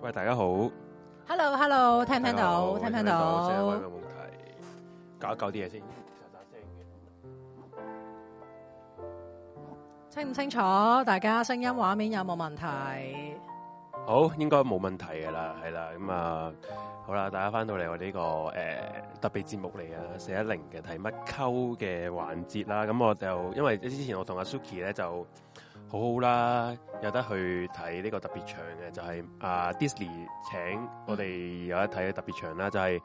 喂，大家好，Hello，Hello，hello，聽唔聽到？聽唔聽到？聽有冇問題？搞一搞啲嘢先，清唔清楚？大家聲音畫面有冇問題？好，應該冇問題噶啦，係啦。咁啊、嗯，好啦，大家翻到嚟我呢、這個誒、呃、特別節目嚟啊，四一零嘅題乜溝嘅環節啦。咁我就因為之前我同阿 Suki 咧就。好好啦，有得去睇呢個特別場嘅就係、是、啊，Disney 請我哋有得睇嘅特別場啦、嗯，就係、是、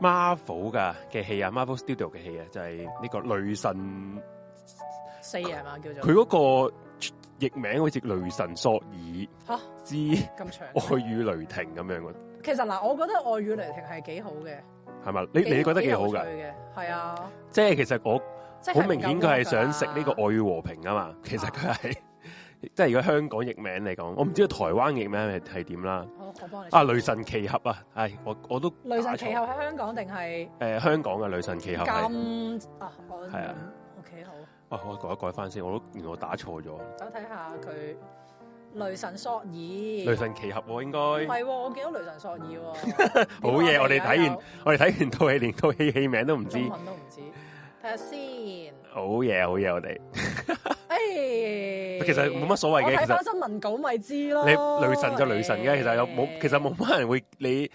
Marvel 噶嘅戲啊，Marvel Studio 嘅戲啊，就係、是、呢個雷神四啊嘛，叫做佢嗰個譯名好似雷神索爾吓之愛與雷霆咁樣啊。 其實嗱，我覺得愛與雷霆係幾好嘅，係咪？你你覺得幾好噶？係啊，即係其實我好明顯佢係想食呢個愛與和平啊嘛，其實佢係。啊即係如果香港譯名嚟講，我唔知道台灣譯名係係點啦。我幫你。啊，雷神奇俠啊，係我我都打錯。雷神奇俠喺香港定係誒香港嘅雷神奇俠。咁啊，我係啊，O、okay, K 好。哇、啊，我改一改翻先，我都原來我打錯咗。走，睇下佢雷神索爾。雷神奇俠、哦、應該唔係，我見到雷神索爾、哦。好 嘢， 我哋睇完我哋睇完套戲，連套戲戲名都唔知，都唔知。睇下先。好嘢，好嘢，我哋。誒、hey,，其實冇乜所謂嘅，睇翻新聞稿咪知咯。你雷神就雷神嘅、hey.，其實有冇？其實冇乜人會你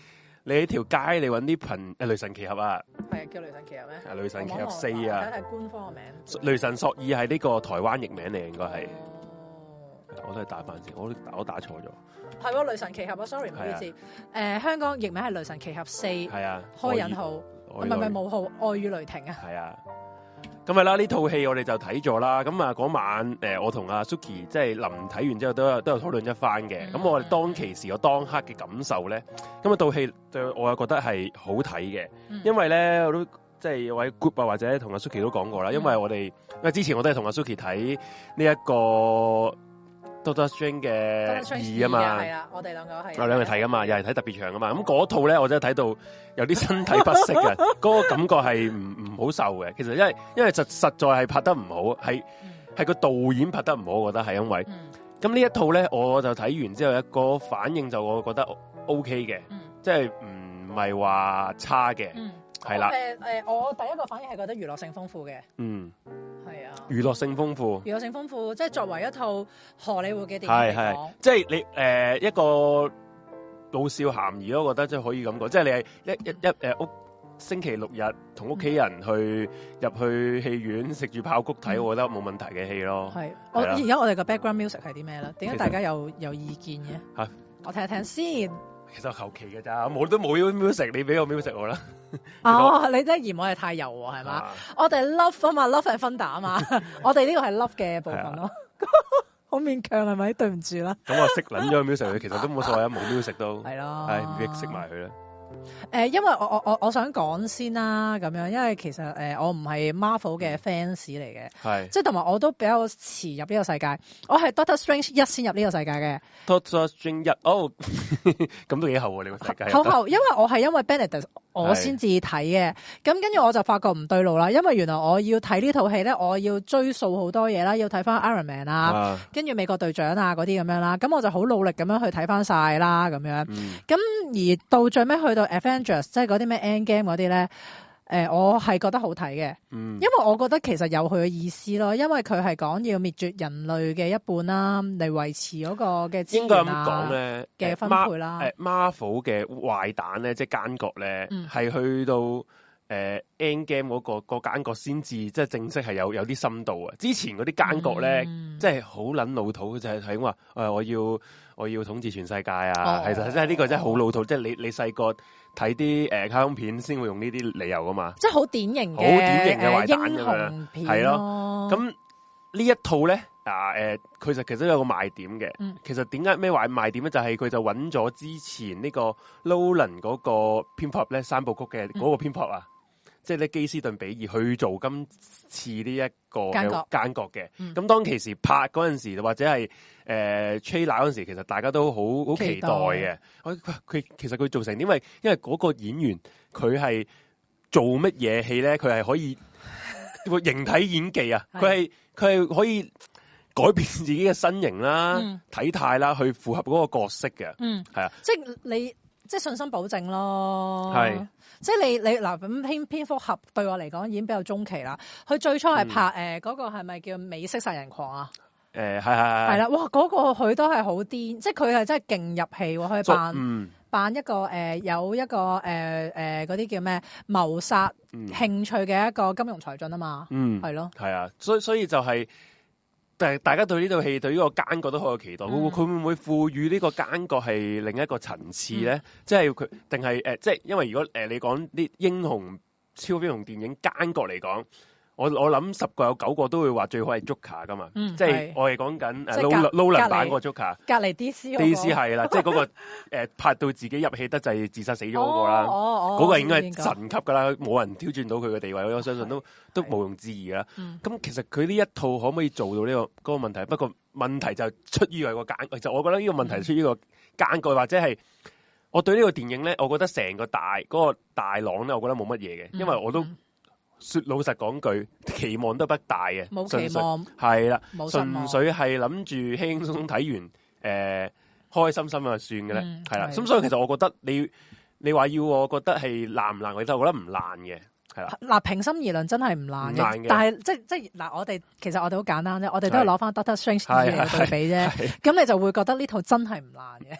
你喺條街你揾啲朋誒雷神奇俠啊？係啊，叫雷神奇俠咩？俠啊，雷神奇俠四啊，係官方嘅名。雷神索爾係呢個台灣譯名嚟，應該係。我都係打翻字，我打我打錯咗。係，雷神奇俠啊，Sorry 唔好意思。誒，香港譯名係雷神奇俠四。係啊，開引號，唔係咪冇無號，愛與雷霆啊。係啊。咁係啦，呢套戲我哋就睇咗啦。咁啊，嗰晚，誒，我同阿 Suki 即係臨睇完之後都有都有討論一番嘅。咁我哋當其時我當刻嘅感受咧，咁啊，套戲就我又覺得係好睇嘅，嗯。因為咧，我都即係有位 Group 啊或者同阿 Suki 都講過啦。因為我哋，嗯，因為之前我都係同阿 Suki 睇呢一個都 ctor Strange 嘅二啊嘛，係啊，我哋兩個係，啊，兩位睇噶嘛，又係睇特別長噶嘛，咁嗰套咧，我真係睇到有啲身體不適嘅，嗰 個感覺係唔唔好受嘅。其實因為因為實實在係拍得唔好，係、嗯、係個導演拍得唔好，我覺得係因為。咁、嗯、呢一套咧，我就睇完之後一、那個反應就我覺得 O K 嘅，即係唔係話差嘅，係、嗯、啦。誒誒、呃，我第一個反應係覺得娛樂性豐富嘅，嗯。係啊，娛樂性豐富，娛樂性豐富，即係作為一套荷里活嘅電影，即係你誒、呃、一個老少咸宜咯，我覺得即係可以咁講，即係你係一一一誒屋、呃、星期六日同屋企人去入去戲院食住爆谷睇、嗯，我覺得冇問題嘅戲咯。係，我而家、啊、我哋嘅 background music 係啲咩咧？點解大家有有意見嘅？吓，我聽一聽先。其實求其嘅咋，我冇都冇要 music，你俾個 music 我啦。 哦，你真係嫌我哋太油係、啊、嘛？我哋 love 啊嘛，love 係 founder 啊嘛， 我哋呢個係 love 嘅部分咯、啊， 好勉強係咪？對唔住啦，咁我識捻咗 mushroom 其實也謂都冇所謂啊是，冇 mushroom 都係咯，係識埋佢啦。誒、呃，因為我我我我想講先啦，咁樣，因為其實誒、呃，我唔係 Marvel 嘅 fans 嚟嘅，即係同埋我都比較遲入呢個世界，我係 Doctor Strange 一先入呢個世界嘅 Doctor Strange 一，哦，咁都幾後喎呢個世界，因為我係因為 Benedict 我先至睇嘅，咁跟住我就發覺唔對路啦，因為原來我要睇呢套戲咧，我要追數好多嘢啦，要睇翻 Iron Man 啊，跟、啊、住美國隊長啊嗰啲咁樣啦，咁我就好努力咁樣去睇翻晒啦，咁樣，咁、嗯、而到最尾去到 Avengers, 即係嗰啲咩 Endgame 嗰啲咧，誒、呃，我係覺得好睇嘅，嗯，因為我覺得其實有佢嘅意思咯，因為佢係講要滅絕人類嘅一半啦，嚟維持嗰個嘅，應該咁講咧嘅分配啦。誒、欸欸、Marvel 嘅壞蛋咧，即係奸角咧，係、嗯、去到。誒、呃、，Endgame 嗰、那個、那個奸角先至即係正式係有有啲深度啊！之前嗰啲奸角咧，即係好捻老土，就係咁話誒，我要我要統治全世界啊！其實係即係呢個真係好老土，嗯、即係你你細個睇啲誒卡通片先會用呢啲理由噶嘛，即係好典型嘅英雄片係、啊、咯。咁、啊、呢一套咧，嗱、呃、誒，其實其實有個賣點嘅。嗯、其實點解咩賣賣點咧？就係、是、佢就揾咗之前呢個 Nolan 嗰個蝙蝠咧三部曲嘅嗰個蝙蝠啊。嗯啊。即係咧基斯頓比爾去做今次呢一個奸角嘅，咁、嗯、當其時拍嗰陣時候，或者係誒吹奶嗰陣時候，其實大家都好好期待嘅。佢、啊、其實佢做成點？因為因為嗰個演員佢係做乜嘢戲咧？佢係可以 形體演技啊，佢係佢係可以改變自己嘅身形啦、啊嗯、體態啦、啊，去符合嗰個角色嘅。嗯，係啊，即係你即係信心保證咯，係。即係你你嗱，咁偏偏複合對我嚟講已經比較中期啦。佢最初係拍誒、嗰、嗯、呃那個係咪叫美式殺人狂啊？誒係係係啦！哇，嗰，那個佢都係好癲，即係佢係真係勁入戲喎，可以扮扮、嗯、一個誒、呃、有一個誒誒嗰啲叫咩謀殺興趣嘅一個金融才俊啊嘛，係、嗯、咯，係啊，所以所以就係、是。但係大家對呢套戲對呢個奸角都好有期待，嗯、會佢會唔會賦予呢個奸角係另一個層次咧、嗯呃？即係佢，定係呃、即係因為如果、呃、你講啲英雄超英雄電影奸角嚟講。我我諗十個有九個都會話最好係 Joker 噶嘛、嗯，即係、就是、我係講緊誒 Nolan 版個 Joker、那個，隔籬 D C D C 係啦，即係嗰個誒、呃、拍到自己入戲得滯自殺死咗嗰個啦，嗰、哦哦那個應該神級噶啦，冇、哦哦、人挑戰到佢嘅地位，我相信都都毋庸置疑啦。咁、嗯、其實佢呢一套可唔可以做到呢、這個嗰、那個問題？不過問題就出於係個間，其、嗯、實、就是、我覺得呢個問題出呢個間句、嗯，或者係我對呢個電影咧，我覺得成個大嗰、那個大浪咧，我覺得冇乜嘢嘅，因為我都。說老實講句，期望都不大嘅，冇期望，係啦，純粹係諗住輕鬆睇完，誒、呃，開心心啊算嘅咧，係、嗯、啦。咁所以其實我覺得你，你話要我覺得係爛唔爛，我哋覺得唔爛嘅，係啦。嗱，平心而論真係唔爛嘅，但係即係即係嗱，我哋其實我哋好簡單啫，我哋都係攞翻 Doctor Strange 嚟對比啫，咁你就會覺得呢套真係唔爛嘅。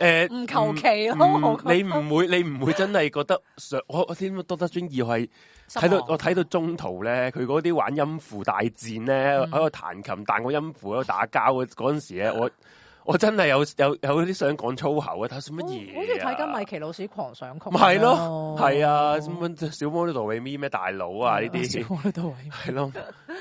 誒、呃，唔求其咯，你唔會， 會，你唔會真係覺得我我先《哆啦 A 夢。係睇到我睇到中途咧，佢嗰啲玩音符大戰咧，喺度彈琴彈個音符喺度打交嗰陣時咧，我真我真係有有有啲想講粗口嘅，睇下算乜嘢好似睇緊米奇老鼠狂想曲、啊，唔係咯，係、哦哦、啊，啊，啊，小魔都做咩咩大佬啊呢啲，小魔都係係咯，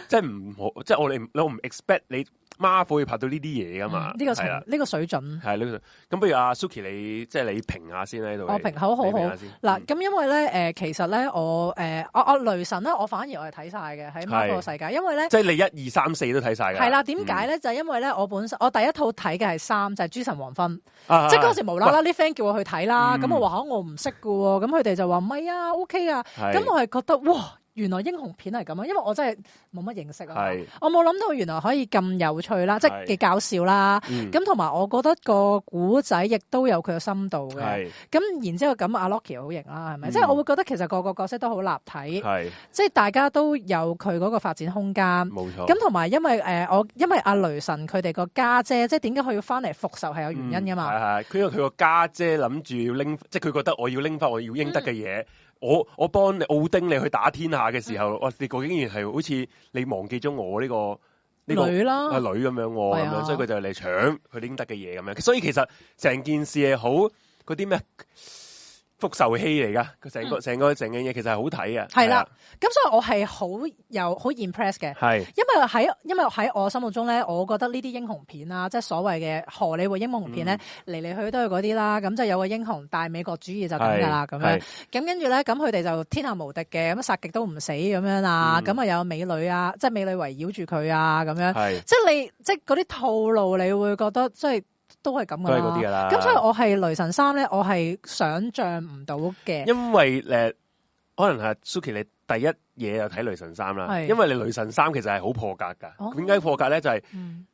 即係唔好，即係我哋你唔 expect 你。媽會拍到呢啲嘢噶嘛？呢、嗯這個程呢、這個水準，係咁不如阿 Suki，你即係、就是、你評下先喺度。我評口好平好嗱，咁、嗯、因為咧，誒、呃，其實咧，我誒，我、呃、我雷神咧，我反而我係睇晒嘅喺《馬個世界》，因為咧，即係你一二三四都睇晒嘅。係啦，點解咧？就是 1, 2, 3, 為、呢嗯就是、因為咧，我本身我第一套睇嘅係三，就係《諸神黃昏》，啊、即係嗰時無啦啦，啲 friend 叫我去睇啦。咁、嗯、我話我唔識㗎喎。咁佢哋就話唔係啊，OK 啊。咁我係覺得哇！原來英雄片係咁啊，因為我真係冇乜認識啊，我冇諗到原來可以咁有趣啦，即係幾搞笑啦，咁同埋我覺得個古仔亦都有佢嘅深度嘅，咁然之後咁阿 Loki 好型啦，係咪？即、嗯、係我會覺得其實個個角色都好立體，即係大家都有佢嗰個發展空間。冇錯。咁同埋因為誒、呃、我因為阿雷神佢哋個家姐，即係點解佢要翻嚟復仇係有原因噶嘛？係、嗯、係，佢因為佢個家姐諗住要拎、嗯，即係佢覺得我要拎翻我要應得嘅嘢。嗯我我幫你奧丁，你去打天下嘅時候，我、嗯、你竟然係好似你忘記咗我呢、呢個呢、呢個阿女咁樣、哦哎、咁樣，所以佢就嚟搶佢拎得嘅嘢咁樣。所以其實成件事係好嗰啲咩？復仇戲嚟噶，佢成個成、嗯、個成嘅嘢其實係好睇嘅。係啦，咁所以我係好有好 impress 嘅。係，因為喺因為喺我心目中咧，我覺得呢啲英雄片啊，即係所謂嘅荷里活英雄片咧，嚟嚟去去都係嗰啲啦。咁就有個英雄，大美國主義就咁噶啦，咁樣。咁跟住咧，咁佢哋就天下無敵嘅，咁殺極都唔死咁樣啊。咁啊，又有美女啊，即係美女圍繞住佢啊，咁樣。即係你，即係嗰啲套路，你會覺得即係。都係咁噶啦，咁所以我係雷神三咧，我係想象唔到嘅。因為誒、呃，可能係 Suki 你第一嘢就睇雷神三啦，係因為你雷神三其實係好破格噶。點、哦、解破格咧？就係、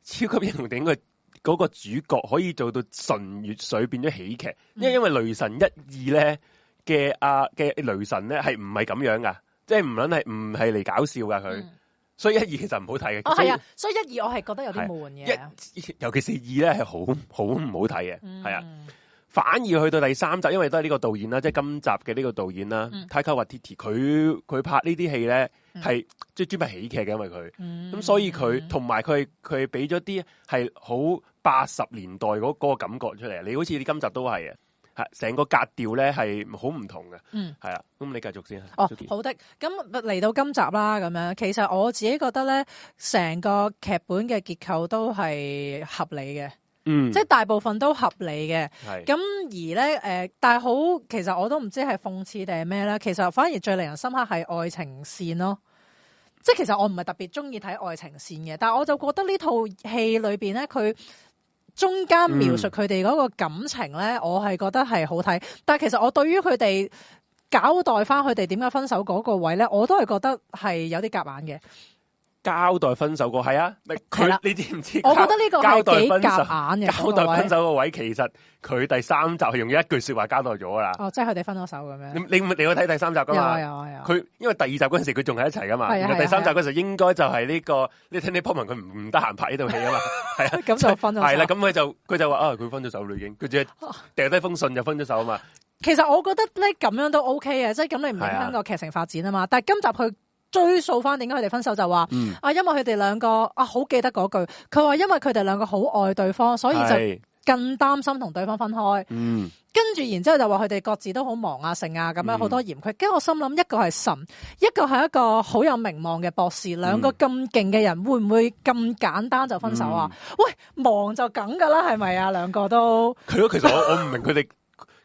是、超級英雄電影嗰個主角可以做到純粵水變咗喜劇，因、嗯、因為雷神一二咧嘅阿嘅雷神咧係唔係咁樣噶，即係唔論係唔係嚟搞笑噶佢。所以一二其實唔好睇嘅，哦係啊，所以一二我係覺得有啲悶嘅，一尤其是二咧係好好唔好睇嘅，係、嗯、啊，反而去到第三集，因為都係呢個導演啦，即、就、係、是、今集嘅呢個導演啦，嗯、Taika Waititi，佢佢拍呢啲戲咧係即係專門喜劇嘅，因為佢，咁所以佢同埋佢佢俾咗啲係好八十年代嗰個感覺出嚟，你好似你今集都係啊。成個格調咧係好唔同嘅，嗯，係啊，咁你繼續先哦、Shukie，好的，咁嚟到今集啦，咁樣，其實我自己覺得咧，成個劇本嘅結構都係合理嘅，嗯，即係大部分都合理嘅，係，咁而咧，誒、呃，但係好，其實我都唔知係諷刺定係咩咧。其實反而最令人深刻係愛情線咯，即係其實我唔係特別中意睇愛情線嘅，但係我就覺得呢套戲裏邊咧，佢。中間描述佢哋嗰個感情呢，嗯、我係覺得係好睇，但係其實我對於佢哋交代翻佢哋點解分手嗰個位呢，我都係覺得係有啲夾硬嘅。交代分手過係啊，佢、啊、你知唔知？我覺得呢個交代眼嘅交代分手個位，手位，其實佢第三集係用一句說話交代咗噶啦。哦，即係佢哋分咗手咁咩？你你會睇第三集噶嘛有啊有啊！佢因為第二集嗰陣時佢仲喺一齊噶嘛、啊啊啊，第三集嗰時應該就係呢，這個你聽你波文佢唔唔得閒拍呢套戲啊嘛，係 是啊，咁 就分咗。係啦，咁佢就佢就話啊，佢、哦、分咗手了已經，佢只掉低封信就分咗手啊嘛。其實我覺得咧咁樣都 OK 嘅，即係咁你唔影響個劇情發展啊嘛。啊但係今集佢。追溯翻點解佢哋分手就話、嗯、啊，因為佢哋兩個啊好記得嗰句，佢話因為佢哋兩個好愛對方，所以就更擔心同對方分開。嗯，跟住然之後就話佢哋各自都好忙啊、成啊咁樣好多嫌隙。跟住我心諗，一個係神，一個係一個好有名望嘅博士，兩、嗯、個咁勁嘅人，會唔會咁簡單就分手啊？嗯、喂，忙就梗噶啦，係咪啊？兩個都佢其實我我唔明佢哋。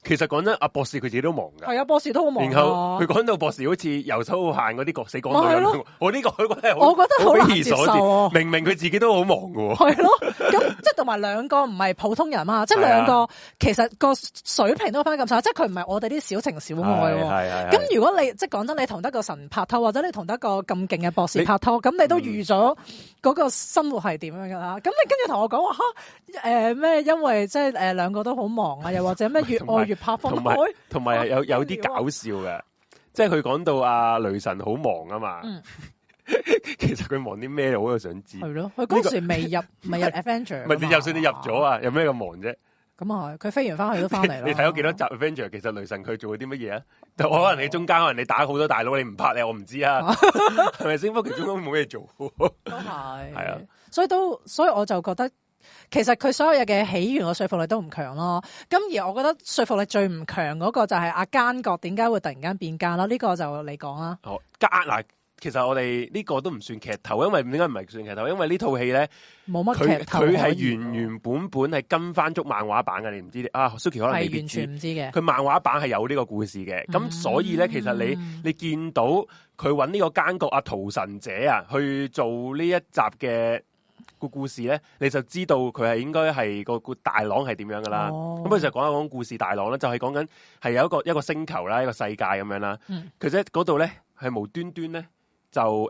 其實講真，阿博士佢自己都忙噶。係啊，博士都好忙。啊、然後佢講到博士好似游手好閒嗰啲角死光女、哦啊、我呢、這個他覺得很我覺得好唔接受、啊、明明佢自己都好忙噶。係咯、啊，咁 即係同埋兩個唔係普通人啊，即係、啊、兩個其實個水平都翻咁上下即係佢唔係我哋啲小情小愛。係咁、啊啊啊、如果你即係講真，你同得個神拍拖，或者你同得個咁勁嘅博士拍拖，咁你，你都預咗嗰、嗯、個生活係點樣噶啦？咁你跟住同我講話誒咩？因為即係誒、呃、兩個都好忙啊，又或者咩越愛同埋，同埋有有啲搞笑嘅， 即係佢講到阿、啊、雷神好忙啊嘛。嗯、其實佢忙啲咩，我都想知。係咯，佢嗰時未、這個、入，未入 Avenger。唔係，你就算你入咗啊，有咩咁忙啫？咁啊佢飛完翻去都翻嚟咯。你睇咗幾多集 Avenger？其實雷神佢做咗啲乜嘢啊？嗯、就可能你中間可能你打好多大佬，你唔拍你，我唔知啊。係咪先？福 其中都冇嘢做，都係係啊。所以都所以我就覺得。其實佢所有嘢嘅起源嘅說服力都唔強咯，咁而我覺得說服力最唔強嗰個就係阿奸角點解會突然間變奸啦？呢、這個就你講啊。好，奸嗱，其實我哋呢個都唔算劇頭，因為點解唔係算劇頭？因為呢套戲咧冇乜劇頭，佢係原原本本係跟翻足漫畫版嘅，你唔知啲啊？Suki 可能係完全唔知嘅。佢漫畫版係有呢個故事嘅，咁、嗯、所以咧，其實你、嗯、你見到佢搵呢個奸角阿屠神者啊去做呢一集嘅。那個故事咧，你就知道佢係應該係個個大綱係點樣噶啦。咁不如就講一講故事大綱呢，就係講緊係有一個一個星球啦，一個世界咁樣啦。Mm. 其實嗰度咧，係無端端咧就誒冇、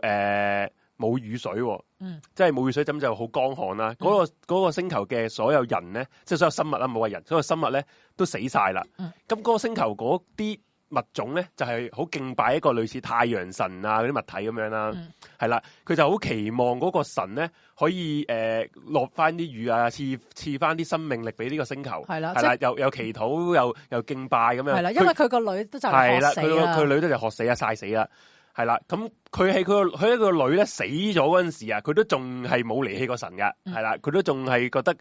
呃、雨水、喔，mm. 即係冇雨水，咁就好乾旱啦。嗰、那個、那個星球嘅所有人咧，即、就、係、是、所有生物啦，冇話人，所有生物咧都死晒啦。咁、mm. 嗰個星球嗰啲。物種咧就係、是、好敬拜一個類似太陽神啊嗰啲物體咁樣啦、啊，係、嗯、啦，佢就好期望嗰個神咧可以誒落翻啲雨啊，賜賜翻啲生命力俾呢個星球，係、嗯、啦，啦，又又祈禱又又敬拜咁、嗯、樣，係啦，因為佢個女都就係學死啦，佢佢女都就學死啊曬死啦，係啦，咁佢係佢佢一個女咧死咗嗰陣時啊，佢、嗯嗯、都仲係冇離棄過神㗎。係啦，佢都仲係覺得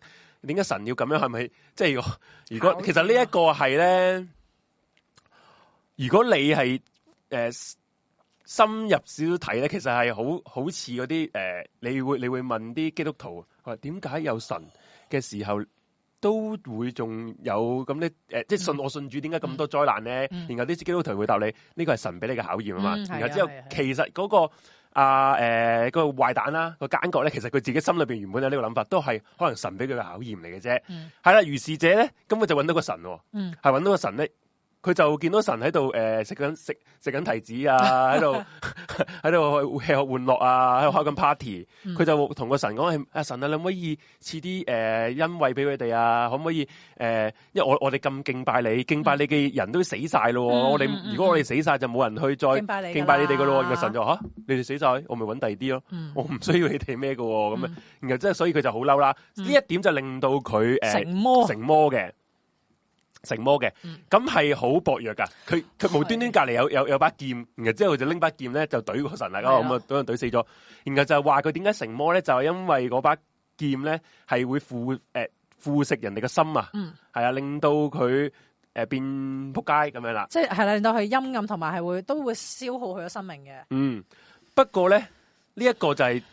點解神要咁樣？係咪即係如果，如果其實呢一個係咧？如果你係誒、呃、深入少少睇咧，其實係好好似嗰啲誒，你會你會問啲基督徒，話點解有神嘅時候都會仲有咁咧？誒、呃，即係信我信主，點解咁多災難咧、嗯？然後啲基督徒會答你，呢、這個係神俾你嘅考驗啊嘛、嗯。然後之後其實嗰、那個阿誒、呃呃那個壞蛋啦、啊，那個奸角咧，其實佢自己心裏邊原本有呢個諗法，都係可能神俾佢嘅考驗嚟嘅啫。係、嗯、啦，如是者咧，根本就揾到個神、啊，係、嗯、揾到個神咧。佢就見到神喺度，誒、呃、食緊食食緊提子啊！喺度喺度去吃喝玩樂啊！喺度開緊 party。佢、嗯、就同個神講：阿、啊、神啊，你可唔可以賜啲誒恩惠俾佢哋啊？可唔可以誒？因為我我哋咁敬拜你，敬拜你嘅人都死晒咯、嗯。我哋、嗯、如果我哋死晒，就冇人去再敬拜你敬拜你哋㗎咯。然後神就吓、啊，你哋死晒，我咪搵第二啲咯。我唔需要你哋咩㗎，咁然後即係所以佢就好嬲啦。呢、嗯、一點就令到佢誒、呃、成魔成魔嘅。成魔嘅咁係好薄弱噶，佢佢無端端隔籬有有有把劍，然後之後佢就拎把劍咧就懟個神啦，咁啊懟人懟死咗。然後就話佢點解成魔咧，就係因為嗰把劍咧係會腐誒腐蝕、呃、人哋嘅心啊，係、嗯、啊，令到佢誒、呃、變仆街咁樣啦。即係係啦，令到佢陰暗，同埋係會都會消耗佢嘅生命嘅。嗯，不過咧呢一、這個就係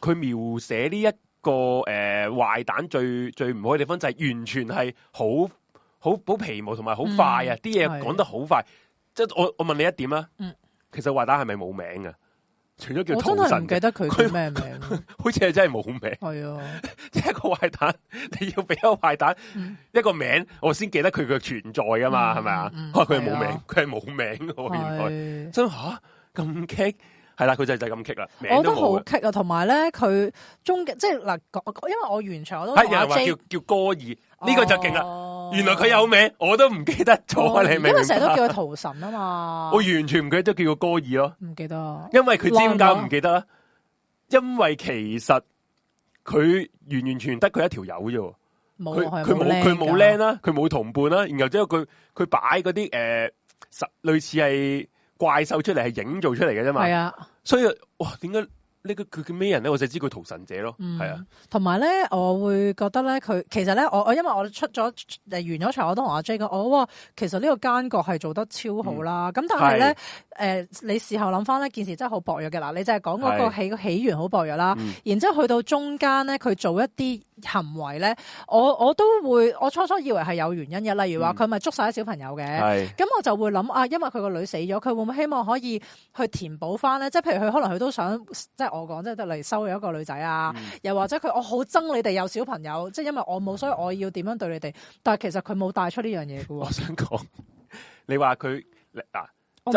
佢描寫呢一個誒壞、呃、蛋最最唔好嘅地方，就係、是、完全係好。好好皮毛同埋好快啊！啲嘢講得好快，即係我我問你一點啊，其實壞蛋係咪冇名，名，名啊？除咗叫通神嘅，我真係唔記得佢佢咩名，好似係真係冇名。係啊，即係個壞蛋，你要俾個壞蛋、嗯、一個名，我先記得佢嘅存在噶嘛？係、嗯、咪、嗯、啊？佢係冇名，佢係冇名嘅原來。真吓咁棘，係啦，佢、啊啊、就就咁棘啦，名都冇。我都好棘啊！同埋咧，佢中嘅，即係嗱，因為我原廠我都係又話叫叫歌兒，呢、這個就勁啦。哦原來佢有名，我都唔記、哦、記得咗你名，因為成日都叫佢屠神啊嘛。我完全唔記得都叫佢歌爾咯，唔記得。因為佢尖教唔記得啦。因為其實佢完完全得佢一條友啫。冇佢，冇佢冇靚啦，佢冇同伴啦。然後之後，佢佢擺嗰啲誒，類似係怪獸出嚟，係影造出嚟嘅啫嘛。係啊。所以哇，點解？人呢個佢叫咩人咧？我就知佢屠神者咯，係、嗯、啊。同埋咧，我會覺得咧，佢其實咧，我我因為我出咗誒完咗場，我都同阿 J 講，我話，其實呢個奸角係做得超好啦。咁、嗯、但係咧，誒、呃、你事後諗翻呢件事真係好薄弱嘅。啦，你就係講嗰個起個起源好薄弱啦、嗯，然之後去到中間咧，佢做一啲。行為咧，我我都會，我初初以為係有原因嘅，例如話佢咪捉晒啲小朋友嘅，咁、嗯、我就會諗啊，因為佢個女死咗，佢會唔會希望可以去填補翻咧？即係譬如佢可能佢都想，即係我講即係得嚟收養一個女仔啊、嗯，又或者佢我好憎你哋有小朋友，即係因為我冇，所以我要點樣對你哋？但係其實佢冇帶出呢樣嘢㗎喎。我想講，你話佢嗱。啊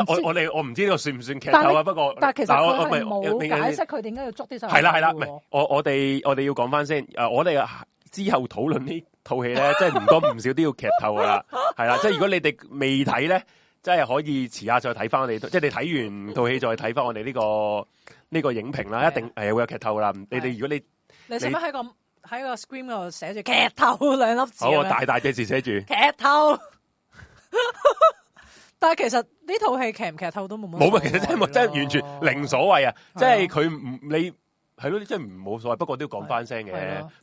我哋我唔知呢個算唔算劇透啊？不過但係其實我唔係解釋佢點解要捉啲細路係啦係啦我我哋我哋要講翻先。誒，我哋、呃、之後討論呢套戲咧， 即係唔多唔少都要劇透噶啦。係 啦，即係如果你哋未睇咧，真係可以遲下再睇翻我哋，即係你睇完套戲再睇翻我哋呢、這個呢、這個影評啦。一定誒會有劇透啦。你哋如果你你使乜喺個喺個 screen 嗰度寫住劇透兩粒字好，我大大隻字寫住劇透。 但係其實呢套戲劇唔劇透都冇冇，其實真係完全零所謂啊，啊！即係佢唔你係咯，即係冇所謂。不過都要講翻聲嘅，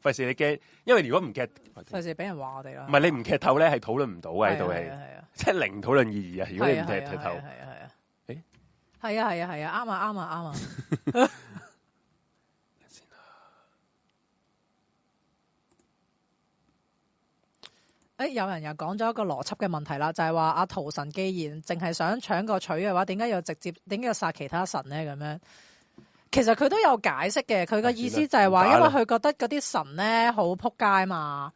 費事、啊、你驚，因為如果唔劇，費事俾人話我哋咯。唔係你唔劇透咧，係討論唔到嘅呢套戲，係啊係啊即係零討論意義啊！如果你唔劇劇透，係啊係啊，係啊，係啊，係啊、欸，誒，係啊係啊係啊，啱啊啱啊啱啊！誒、哎，有人又講咗一個邏輯嘅問題啦，就係話阿屠神既然淨係想搶個取嘅話，點解又直接點解要殺其他神咧？咁樣，其實佢都有解釋嘅，佢個意思就係話，因為佢覺得嗰啲神咧好撲街嘛，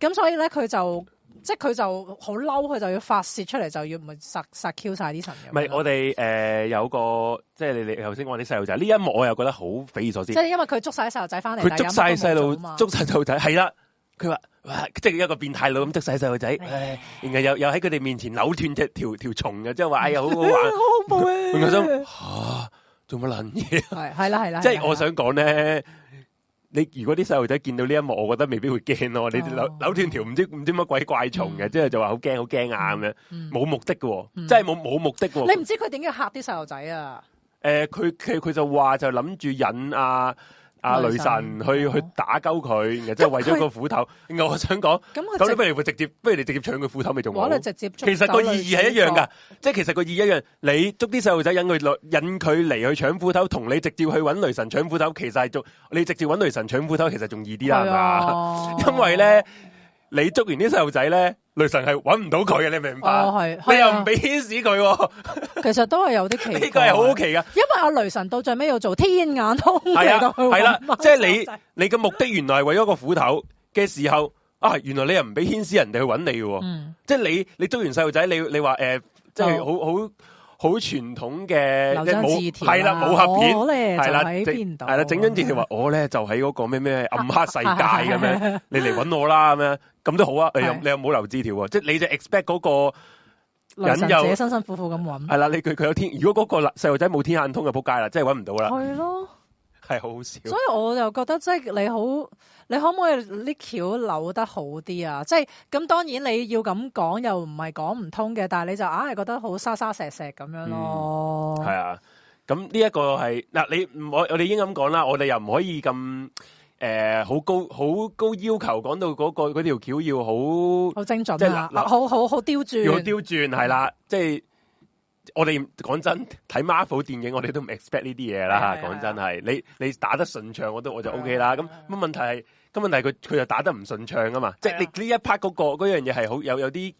咁所以咧佢就即係佢就好嬲，佢就要發洩出嚟，就要唔係殺殺 Q 晒啲神。唔係，我哋誒、呃、有個即係你哋頭先講啲細路仔呢一幕，我又覺得好匪夷所思。即係因為佢捉晒細路仔翻嚟，佢捉晒細路，捉晒細路仔，係啦。佢話即係一個變態佬咁即細細路仔，然後又又喺佢哋面前扭斷隻條條蟲嘅，即係話哎呀好好玩，好 恐怖啊！諗吓，做乜撚嘢？係係啦係啦，即係我想講咧，你如果啲細路仔見到呢一幕，我覺得未必會驚咯。哦、你扭扭斷條唔知唔知乜鬼怪蟲嘅，即、嗯、係就話好驚好驚啊咁樣，冇目的嘅，真係冇冇目的。是目的嗯、他你唔知佢點解嚇啲細路仔啊？誒、呃，佢佢佢就話就諗住引啊。阿雷，雷神，去去打鳩佢，然之後為咗個斧頭，我我想講，咁你不如唔直接，不如你直接搶佢斧頭咪仲好？可能直接，其實個意義係一樣噶、這個，即係其實個意義一樣。你捉啲細路仔引佢引佢嚟去搶斧頭，同你直接去揾雷神搶斧頭，其實係做。你直接揾雷神搶斧頭，其實仲易啲啦，係嘛、啊？因為咧。你捉完啲細路仔咧，雷神係搵唔到佢嘅，你明唔明？白、哦？係、啊，你又唔俾牽使佢，其實都係有啲奇怪。呢 個係好好奇㗎、啊，因為阿雷神到最尾要做天眼通，係啊，係啦，即係、啊啊就是、你 你嘅目的原來係為咗個斧頭嘅時候啊，原來你又唔俾牽使人哋去搵你嘅、啊，即、嗯、係、就是、你你捉完細路仔，你你話誒，即係好好。就是好傳統嘅留字條、啊，係啦，武俠片，係整條話我咧就喺邊度，啦，整張字條 我咧就喺嗰個咩咩暗黑世界咁樣，你嚟搵我啦咁樣，咁都好啊！你又 你冇留字條啊，即係你就 expect 嗰個人又辛辛苦苦咁搵。係啦，你佢佢有天，如果嗰個細路仔冇天眼通就仆街啦，真係搵唔到啦，係咯。係好好笑，所以我就覺得即係你好，你可唔可以啲橋扭得好啲啊？即係咁，那當然你要咁講又唔係講唔通嘅，但係你就啊係覺得好沙沙石石咁樣咯、嗯。係啊，咁呢一個係嗱、啊，你我我哋應咁講啦，我哋又唔可以咁誒，好、呃、高好高要求、那個，講到嗰個嗰條橋要好好精準、啊就是啊好好好啊，即係嗱，好好好刁鑽，要刁鑽係啦，即係。我哋講真睇 Marvel 電影，我哋都唔 expect 呢啲嘢啦。講真係，你你打得順暢，我都我就 OK 啦。咁乜問題係？咁問題係佢佢就打得唔順暢啊嘛。即係、就是、你呢一 part 嗰、那個嗰樣嘢係好有有啲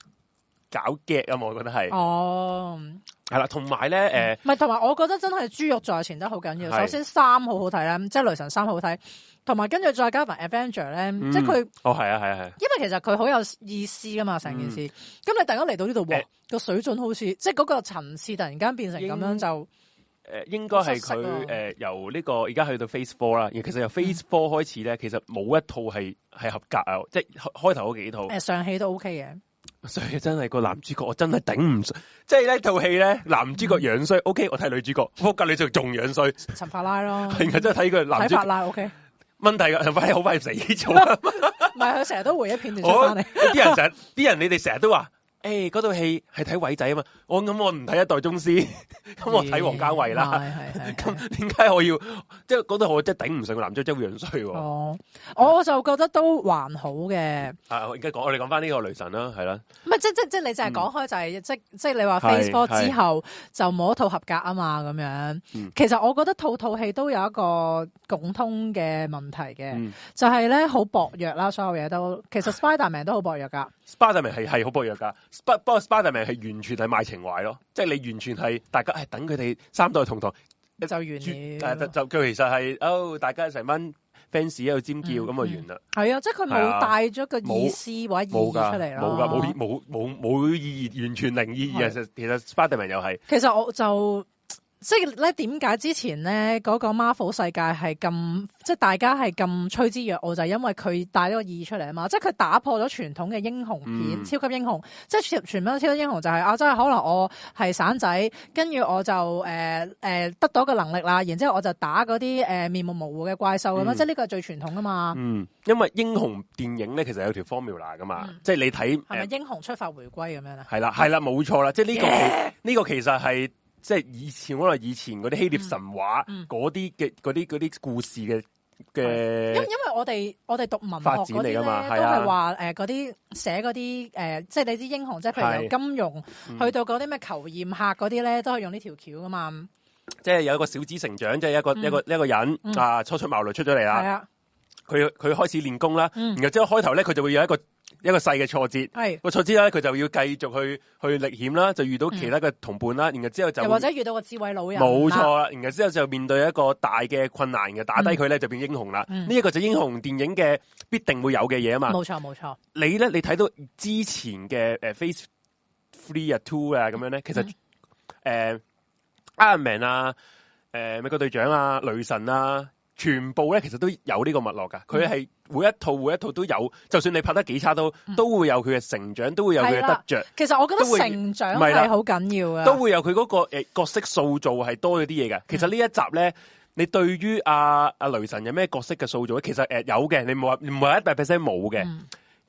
搞笑啊嘛。我覺得係。哦，係啦，同埋咧，誒、嗯，唔係同埋，我覺得真係豬肉在前得好緊要。首先，三好好睇啦，即係雷神三好睇。同埋跟住再加埋 Avenger 咧、嗯，即係佢哦係啊係啊係、啊，因為其實佢好有意思噶嘛成件事。咁、嗯、你突然間嚟到呢度，個、欸、水準好似、欸、即係嗰個層次突然間變成咁樣就誒，應該係佢誒由呢、這個而家去到 Phase Four 啦。而其實由 Phase Four 開始咧、嗯，其實冇一套係係合格啊，即係開頭嗰幾套、欸、上戲都 OK 嘅。所以真係個男主角我真係頂唔順，即係呢套戲咧，男主角樣衰、嗯。OK，我睇女主角，仆街你就仲樣衰，陳法拉咯。真係睇佢陳法拉 OK。問題嘅，喂，好快死咗啦！唔係，佢成日都回一片段出翻嚟。啲人成日，啲 人你哋成日都話。誒、欸，嗰套戲係睇偉仔啊嘛，我咁我唔睇一代宗師，咁 我睇王家衛啦。咁點解我要即係嗰套我即係頂唔順個男仔，即係樣衰？哦，我就覺得都還好嘅。啊，而家講我哋講翻呢個雷神啦，係啦、啊。唔係即即即，即你淨係講開就係、是嗯，即即係你話 Facebook 之後就冇一套合格啊嘛咁樣、嗯。其實我覺得套套戲都有一個共通嘅問題嘅，就係咧好薄弱啦。所有嘢都其實 Spider Man 都好薄弱噶，Spider Man 係係好薄弱噶。不不過 Spiderman 係完全係賣情懷咯，即係你完全係大家係等佢哋三代同堂就完全，就佢其實係哦，大家成班 fans 喺度尖叫咁、嗯、就完啦。係啊，即係佢冇帶咗個意思或者意義出嚟咯，冇噶冇冇冇冇意義，完全零意義啊！其實其實 Spiderman 又係其實我就。即係咧，點解之前咧嗰個 Marvel 世界係咁，即係大家係咁趨之若鶩，就係、是、因為佢帶咗個意義出嚟啊嘛！即係佢打破咗傳統嘅英雄片、嗯、超級英雄，即係傳統嘅超級英雄就係、是、啊！即係可能我係散仔，跟住我就誒誒、呃呃、得到個能力啦，然之後我就打嗰啲誒面目模糊嘅怪獸咁啊！嗯、即係呢個係最傳統㗎嘛。嗯，因為英雄電影咧其實有條方 l a 噶嘛，嗯、即係你睇係咪英雄出發回歸咁樣係係啦係啦，冇錯啦！即係呢個呢、yeah! 個其實係。即係以前，可能以前嗰啲希臘神話嗰啲嘅嗰啲啲故事嘅嘅，因、嗯嗯嗯、因為我哋我哋讀文學嗰啲發展嚟噶嘛，啊、都係話誒嗰啲寫嗰啲誒，即係你知英雄，即係譬如由金庸、嗯、去到嗰啲咩求劍客嗰啲咧，都係用呢條橋噶嘛。即、就、係、是、有一個小子成長，即、就、係、是、一個、嗯、一個一個,一個人啊，初出茅廬出咗嚟啦。佢、嗯、佢、嗯、開始練功啦、嗯，然後之後開頭咧，佢就會有一個。一個細嘅挫折，係個挫折咧，佢就要繼續去去歷險啦，就遇到其他嘅同伴啦、嗯，然後之後就，又或者遇到個智慧老人，冇錯啦。然後之後就面對一個大嘅困難嘅，打低佢咧、嗯、就變英雄啦。呢、嗯、一、這個就是英雄電影嘅必定會有嘅嘢啊嘛。冇錯冇錯。你咧你睇到之前嘅誒 Phase Three 啊 Two 啊咁樣咧，其實誒、嗯呃、Iron Man 啊，誒、呃、美國隊長啊，雷神啊。全部咧，其實都有呢個脈絡噶。佢係每一套每一套都有，就算你拍得幾差都、嗯、都會有佢嘅成長，都會有佢嘅得着。其實我覺得成長係好緊要嘅，都會有佢嗰、那個、呃、角色塑造係多咗啲嘢嘅。其實呢一集咧，你對於阿、啊、阿雷神有咩角色嘅塑造？其實、呃、有嘅，你冇話唔係一百 percent 冇嘅。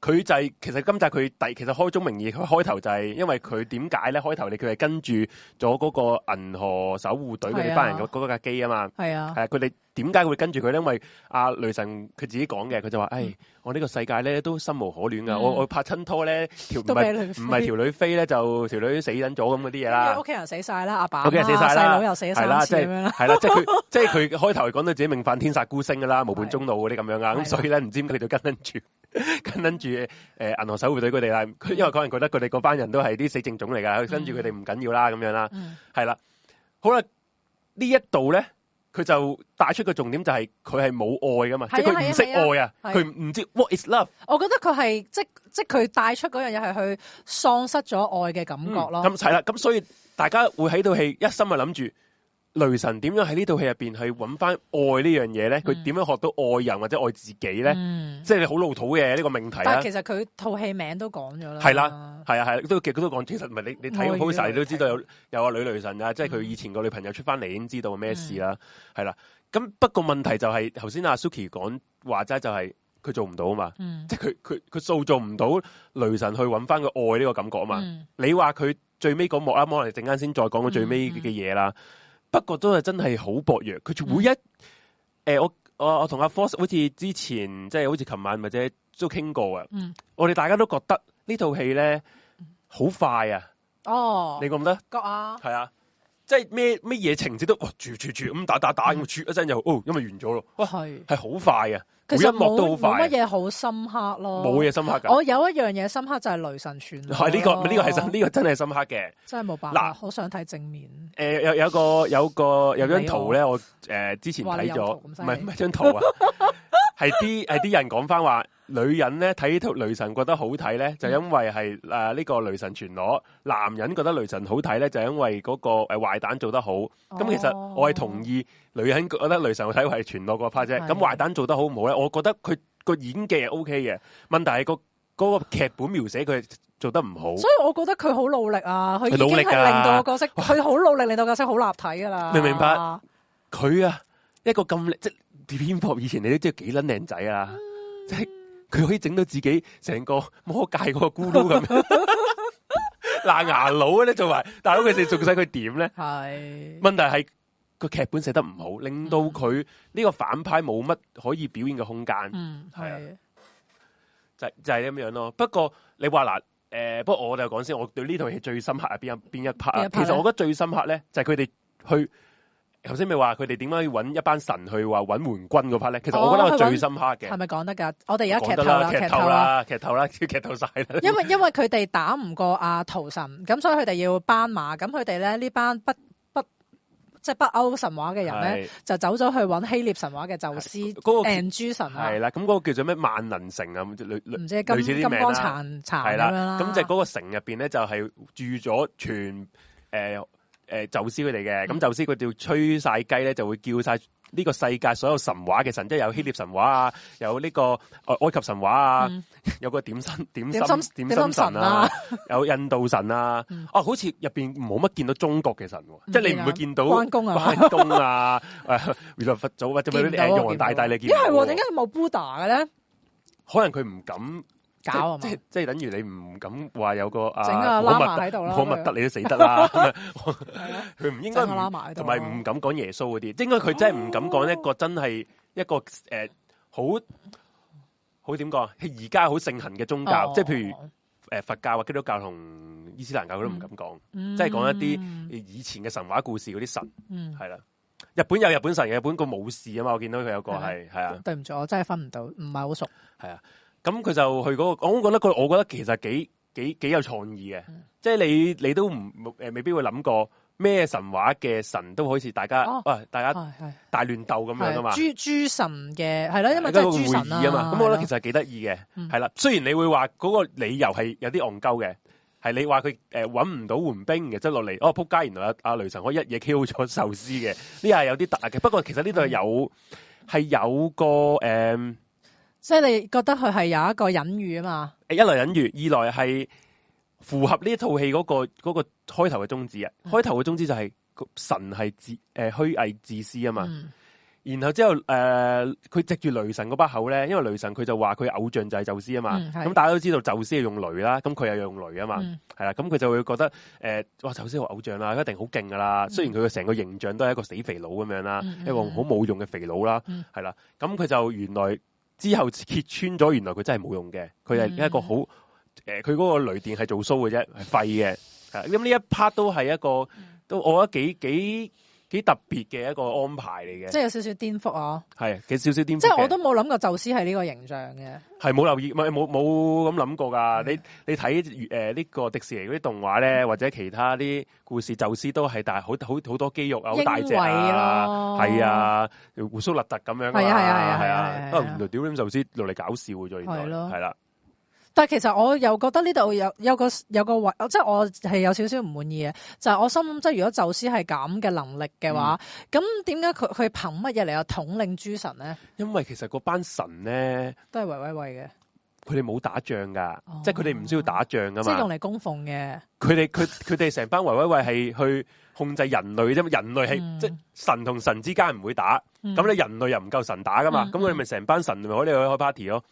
佢就係、是、其實今集佢第其實開宗明義，佢開頭就係、是、因為佢點解咧？開頭你佢係跟住咗嗰個銀河守護隊佢哋班人嗰架、啊那個、機啊嘛，係啊，係佢哋點解會跟住佢咧？因為阿、啊、雷神佢自己講嘅，佢就話：，誒、嗯哎，我呢個世界咧都心無可戀、嗯、爸爸媽媽弟弟啊！我我拍親拖咧條唔係唔係條女飛咧就條女死緊咗咁嗰啲嘢啦，屋企人死晒啦，阿爸阿媽細佬又死曬啦，係、就、啦、是，即係係啦，即係佢即係佢開頭講到自己命犯天煞孤星噶啦，無伴終老嗰啲咁樣啊，咁所以咧，唔知點解佢就跟跟住。 跟跟住誒，銀河守護隊佢哋啦，佢因為可能覺得佢哋嗰班人都係啲死症種嚟噶，跟住佢哋唔緊要啦，咁、嗯、樣啦，係、嗯、啦，好啦，呢一度咧，佢就帶出個重點就係佢係冇愛噶嘛，即係佢唔識愛啊，佢、就、唔、是啊啊、知、啊、what is love。我覺得佢係即即佢帶出嗰樣嘢係去喪失咗愛嘅感覺咯、嗯。咁係啦，咁所以大家會喺度戲一心啊諗住。雷神點樣喺呢套戲入邊去揾翻愛呢樣嘢咧？佢點樣學到愛人或者愛自己咧、嗯？即係你好老土嘅呢個命題、啊、但其實佢套戲名都講咗啦。係啦，係啊，係、啊啊、都其實都講，其實唔係你你睇個 poster 都知道有有個女雷神啊、嗯，即係佢以前個女朋友出翻嚟已經知道咩事啦、嗯、啦。係啦，咁不過問題就係頭先阿 Suki 講話齋就係、是、佢做唔到啊嘛，嗯、即係佢佢佢塑造唔到雷神去揾翻個愛呢個感覺啊嘛。嗯、你話佢最尾嗰幕啊，嗯、我可能陣間先再講個最尾嘅嘢啦。嗯嗯不過都係真係好薄弱，佢每一誒、嗯欸，我我我同阿 Force 好似之前即係好似琴晚或者都傾過啊、嗯。我哋大家都覺得戲呢套戲咧好快啊。哦，你覺唔覺得？覺得啊，係啊，即係咩咩嘢情節都哇、哦，住住住咁打打打咁，住、嗯、一陣又「哦，因為完咗咯。哇，係係好快啊！其實冇冇乜嘢好深刻咯，冇嘢深刻噶。我有一樣嘢深刻就係雷神傳、啊，係、這、呢個呢個係真呢個真係深刻嘅、啊，真係冇辦法。嗱、啊，好想睇正面、呃。誒，有有個有個有張圖咧，我、呃、誒之前睇咗，唔係唔係張圖啊，係啲係啲人講翻話。女人咧睇《雷神》覺得好睇咧，就因為係誒呢個《雷神》全裸；男人覺得《雷神》好睇咧，就因為嗰個誒壞蛋做得好。咁、哦、其實我係同意女人覺得《雷神》好睇係全裸嗰 part 啫。咁壞蛋做得好唔好咧？我覺得佢個演技係 O K 嘅。問題係、嗰個嗰、嗰個劇本描寫佢做得唔好。所以我覺得佢好努力啊！佢已經係令到個角色，佢好、啊、努力令到角色好立體噶啦。明、啊、唔明白？佢啊，一個咁即係蝙蝠，以前你都知係幾捻靚仔啊！嗯、即係。佢可以整到自己成個魔界嗰個咕嚕咁樣，爛牙佬咧，做埋大佬佢哋仲使佢點咧？係 問題係個劇本寫得唔好，令到佢呢個反派冇乜可以表現嘅空間。嗯，係啊，就就係咁樣咯。不過你話嗱，誒、呃，不過我哋講先說，我對呢套戲最深刻係邊一邊一 part 啊？其實我覺得最深刻咧就係佢哋去。頭先咪話佢哋點解要揾一班神去話揾援軍嗰 part 咧？其實我覺得係最深刻嘅、哦。係咪講得噶？我哋而家劇透啦，劇透啦，劇透啦，劇透晒啦。因為因為佢哋打唔過阿、啊、圖神，咁所以佢哋要班馬。咁佢哋咧呢班不不即北歐神話嘅人咧，就走咗去揾希臘神話嘅宙斯嗰個 N G 神、啊。係啦，咁、那、嗰個叫做咩萬能城啊？唔知金、啊、金光燦燦咁樣啦。咁即係嗰個城入邊咧，就係、是、住咗全誒。呃誒、呃，宙斯佢哋嘅，咁宙斯佢叫吹晒雞咧，就會叫晒呢個世界所有神話嘅神，即係有希臘神話啊，有呢個埃及神話啊、嗯，有個點心點心點心，點心神啊，心神啊、嗯，有印度神啊，哦、嗯啊，好似入邊冇乜見到中國嘅神、啊嗯，即係你唔會見到關公啊，關公啊，彌 勒、啊、佛祖或者咩誒，玉皇、啊、大帝你見到、啊，到係點解冇 Buddha 嘅咧？可能佢唔敢。搞啊嘛！即係即係等於你唔敢話有個啊，整個喇嘛喺度啦，穆罕默德你都死得啦，佢 唔 應該同埋唔敢講耶穌嗰啲，哦，應該佢真係唔敢講一個真係一個誒、呃、好好點講？而家好盛行嘅宗教，哦、即係譬如誒佛教或基督教同伊斯蘭教他都不敢說，佢都唔敢講，即係講一啲以前嘅神話故事嗰啲神，係、嗯、啦。日本有日本神，日本個武士啊嘛，我見到佢有個系系啊。對唔住，我真係分唔到，唔係好熟，係啊。咁佢就去嗰、嗰個，我我覺得佢，我覺得其實幾幾幾有創意嘅，即、嗯、係你你都唔，誒，未必會諗過咩神話嘅神都好似大家，喂、哦啊，大家大亂鬥咁樣、哦、諸諸諸啊嘛？諸諸神嘅係啦，因為即係諸神啊嘛。咁我覺得其實係幾得意嘅，係、嗯、啦。雖然你會話嗰個理由係有啲戇鳩嘅，係你話佢誒揾唔到援兵嘅，即落嚟哦，撲街！原來阿雷神可以一嘢 Q 咗壽司嘅，呢 下有啲大嘅。不過其實呢度係有係、嗯、有個誒。嗯所以你覺得佢係有一個隱喻啊嘛？誒，一來隱喻，二來係符合呢一套戲嗰個嗰、嗰個開頭嘅宗旨啊、嗯。開頭嘅宗旨就係神係自誒虛偽自私啊嘛、嗯。然後之後誒，佢、呃、藉住雷神嗰把口咧，因為雷神佢就話佢偶像就係宙斯啊嘛。咁、嗯、大家都知道宙斯係用雷啦，咁佢又用雷啊嘛。係、嗯、啦，咁佢就會覺得誒、呃，哇，宙斯好偶像啦，一定好勁噶啦。雖然佢嘅成個形象都係一個死肥佬咁樣啦，一個好冇用嘅肥佬啦，係、嗯、啦。咁佢就原來。之後揭穿咗，原來佢真係冇用嘅，佢係一個好誒，佢嗰個雷電係做騷嘅啫，係廢嘅，咁、嗯、呢、嗯、一 part 都係一個，都我覺得幾幾，幾特別嘅一個安排嚟嘅，啊，即係有少少顛覆哦，係，幾少少顛覆。即係我都冇諗過宙斯係呢個形象嘅。係冇留意，唔冇冇咁諗過噶你你睇誒呢個迪士尼嗰啲動畫咧，或者其他啲故事，宙斯都係但係好好好多肌肉啊，好大隻啊，係啊，鬍鬚立特咁樣。係啊係啊係啊係啊，不過原來屌林宙斯落嚟搞笑嘅啫，原來係啦。Durian 就是但其實我又覺得呢度有有個有個位，即係我係有少少唔滿意嘅，就係、是、我心諗，即係如果宙斯係咁嘅能力嘅話，咁點解佢佢憑乜嘢嚟又統領諸神咧？因為其實嗰班神咧都係維維維嘅，佢哋冇打仗噶，哦、即係佢哋唔需要打仗噶嘛，即係用嚟供奉嘅。佢哋佢佢哋成班維維維係去控制人類啫嘛，人類係、嗯、即係神同神之間唔會打，咁、嗯、你人類又唔夠神打噶嘛，咁佢哋咪成班神咪可以去開 party 咯。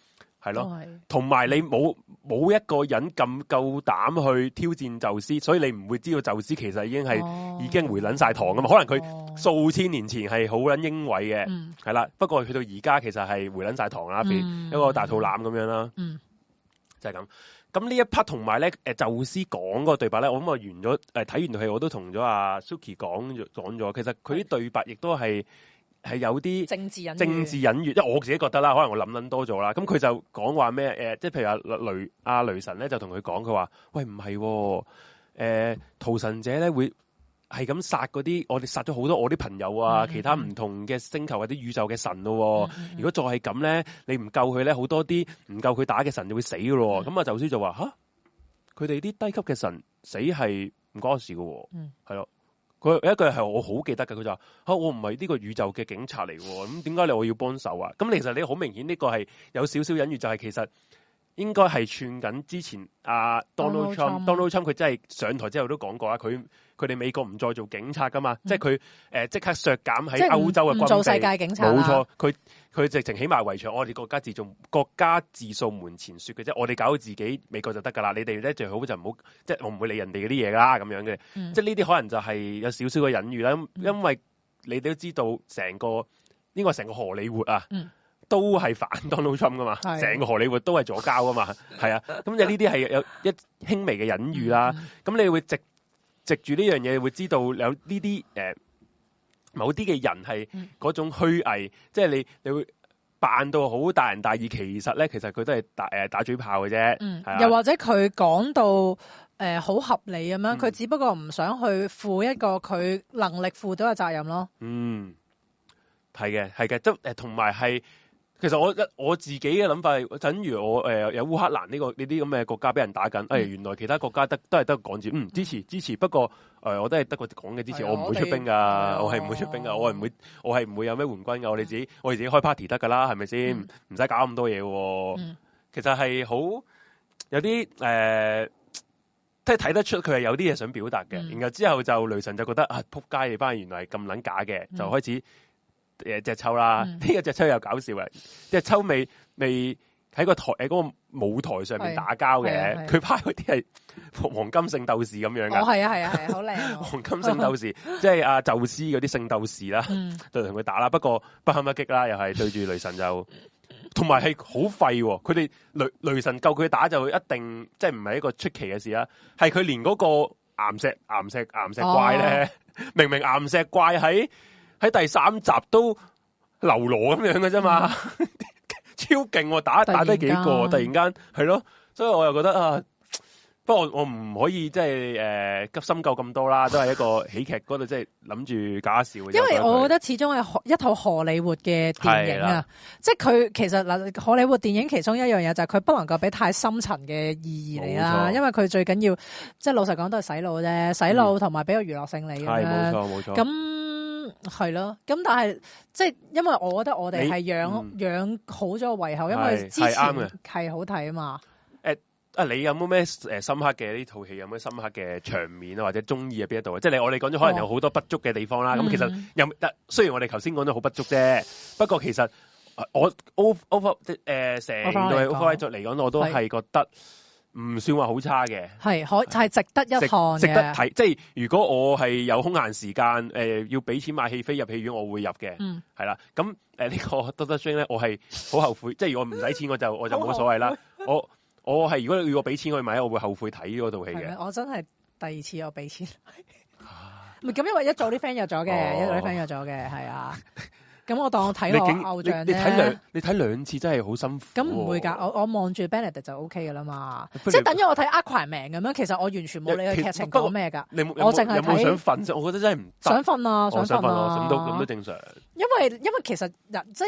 係咯，同埋你冇冇一個人咁夠膽去挑戰宙斯，所以你唔會知道宙斯其實已經係、哦、已經回捻晒堂噶嘛。可能佢數千年前係好捻英偉嘅，係、嗯、啦。不過去到而家、嗯就是呃啊，其實係回捻晒堂，啦，變一個大肚腩咁樣啦。就係咁。咁呢一 part 同埋咧，誒，宙斯講個對白咧，我諗我完咗誒，睇完戲，我都同咗阿 Suki 講講咗。其實佢啲對白亦都係。係有啲政治隱政治隱喻，因為我自己覺得啦，可能我諗諗多咗啦。咁佢就講話咩？誒、呃，即係譬如阿雷阿雷神咧，就同佢講，佢話：喂，唔係、哦，誒、呃，屠神者咧會係咁殺嗰啲我哋殺咗好多我啲朋友啊，嗯嗯，其他唔同嘅星球或者宇宙嘅神咯、啊。嗯嗯如果再係咁咧，你唔救佢咧，好多啲唔夠佢打嘅神就會死噶咯。咁、嗯嗯、啊，宙斯就話：吓，佢哋啲低級嘅神死係唔關我事噶，係咯。佢有一句係我好記得嘅，佢就話：我唔係呢個宇宙嘅警察嚟喎，咁點解你我要幫手啊？咁、嗯、其實你好明顯呢個係有少少隱喻，就係其實應該係串緊之前阿、啊、Donald Trump，Donald Trump 佢 Donald Trump Donald Trump 真係上台之後都講過啊，佢。佢哋美國唔再做警察噶嘛。嗯、即係佢誒即刻削減喺歐洲嘅軍備，唔做世界警察、啊。冇錯，佢佢直情起埋圍牆。我哋國家自重，國家自掃門前雪嘅啫。我哋搞到自己美國就得噶啦。你哋咧最好就唔好，即係我唔會理人哋嗰啲嘢啦咁樣嘅。嗯、即係呢啲可能就係有少少嘅隱喻啦。因為你都知道成個呢個成個荷里活啊，嗯、都係反 Donald Trump 噶嘛。成個荷里活都係左膠噶嘛。係 啊，咁就呢啲係有一輕微嘅隱喻啦。咁、嗯嗯、你會直？籍住呢樣嘢，會知道有呢啲、呃、某啲嘅人係嗰種虛偽、嗯，即係你你會扮到好大仁大義，其實咧其實佢都係打、呃、打嘴炮嘅啫。嗯，又或者佢講到好、呃、合理咁樣，佢、嗯、只不過唔想去負一個佢能力負到嘅責任咯。嗯，係嘅，係嘅，即係同埋係。其實我一我自己嘅諗法係，等如我誒、呃、有烏克蘭呢、這個呢啲咁嘅國家俾人打緊，誒、嗯哎、原來其他國家得都係得個講字，嗯，支持支持，不過誒、呃、我都係得個講嘅支持，我唔會出兵噶，我係唔會出兵噶、嗯，我唔會、嗯、我係唔會有咩援軍噶，我哋自己、嗯、我哋自己開 party 得噶啦，係咪先？唔、嗯、使搞咁多嘢、啊嗯。其實係好有啲誒，即係睇得出佢係有啲嘢想表達嘅、嗯，然後之後就雷神就覺得啊撲街嚟翻，你原來咁捻假嘅，就開始。嗯誒，隻抽啦，呢個隻抽又搞笑嘅，隻抽未未喺個台誒，個舞台上面打交嘅，佢拍嗰啲係黃金聖鬥士咁樣嘅，哦，係啊，係啊，係啊，好靚！黃金聖鬥士， 即係阿宙斯嗰啲聖鬥士啦，就同佢打啦，不過不堪一擊啦，又係對住雷神就，同埋係好廢，佢哋雷雷神夠佢打就一定，即係唔係一個出奇嘅事啦，係佢連嗰個岩石岩石岩石怪咧、哦，明明岩石怪喺。喺第三集都流羅咁樣嘅啫嘛，嗯，超勁！打打低幾個，突然間係咯，所以我又覺得啊，不過我唔可以即係誒急深究咁多啦，都係一個喜劇嗰度，即係諗住搞笑因。因為我覺得始終係一套荷里活嘅電影啊，即係佢其實嗱，荷里活電影其中一樣嘢就係、是、佢不能夠俾太深層嘅意義嚟啦，因為佢最緊要即係老實講都係洗腦啫，洗腦同埋俾個娛樂性嚟咁係冇錯冇錯。咁、嗯係咯，咁但係即係，因為我覺得我哋係養養好咗個胃口，因為係啱嘅，係好睇啊嘛。誒，啊，你有冇咩誒深刻嘅呢套戲有冇深刻嘅場面啊？或者中意喺邊一度啊？即係你我哋講咗，可能有好多不足嘅地方啦。咁、哦、其實又雖然我哋頭先講咗好不足啫，不過其實我, over, 我 over over 誒成套 over 嚟講，我都係覺得。唔算話好差嘅，係可係值得一看值,值得睇。即係如果我係有空閒時間，誒、呃、要俾錢買戲飛入戲院，我會入嘅。嗯是的，係啦。咁誒呢個《得得張》咧，我係好後悔。 即係如果唔使錢我，我就 我就冇所謂啦。我我係如果要我俾錢去買，我會後悔睇呢套戲嘅。我真係第二次我俾錢，唔係咁，因為一早啲 friend 約咗嘅，哦、一早啲 friend 約咗嘅，係啊。咁我當我睇個偶像咧，你睇兩，你睇兩次真係好辛苦啊。咁唔會噶，我我望住 Benedict 就 O K 噶啦嘛，即係等於我睇《Aquaman》咁樣，其實我完全冇理個劇情講咩噶，我淨係睇。有冇想瞓？我覺得真係唔想瞓啊！想瞓啊！咁都咁都正常。因為因為其實人即。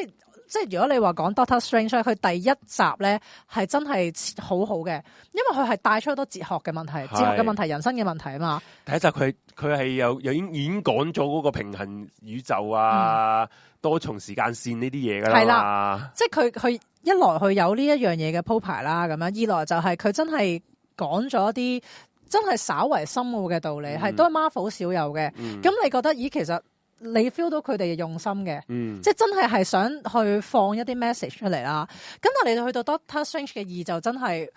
即係如果你話講 Doctor Strange，佢第一集咧係真係好好嘅，因為佢係帶出好多哲學嘅問題、係哲學嘅問題、人生嘅問題啊嘛。第一集佢佢係又又已經講咗嗰個平衡宇宙啊、嗯、多重時間線呢啲嘢㗎啦。係啦，即係佢佢一來佢有呢一樣嘢嘅鋪排啦，咁樣二來就係佢真係講咗啲真係稍為深奧嘅道理，係都係 Marvel 少有嘅。咁、嗯、你覺得咦？其實你 feel 到佢哋嘅用心嘅，嗯、即係真係係想去放一啲 message 出嚟啦。咁但係你去到 Doctor Strange 嘅二就真係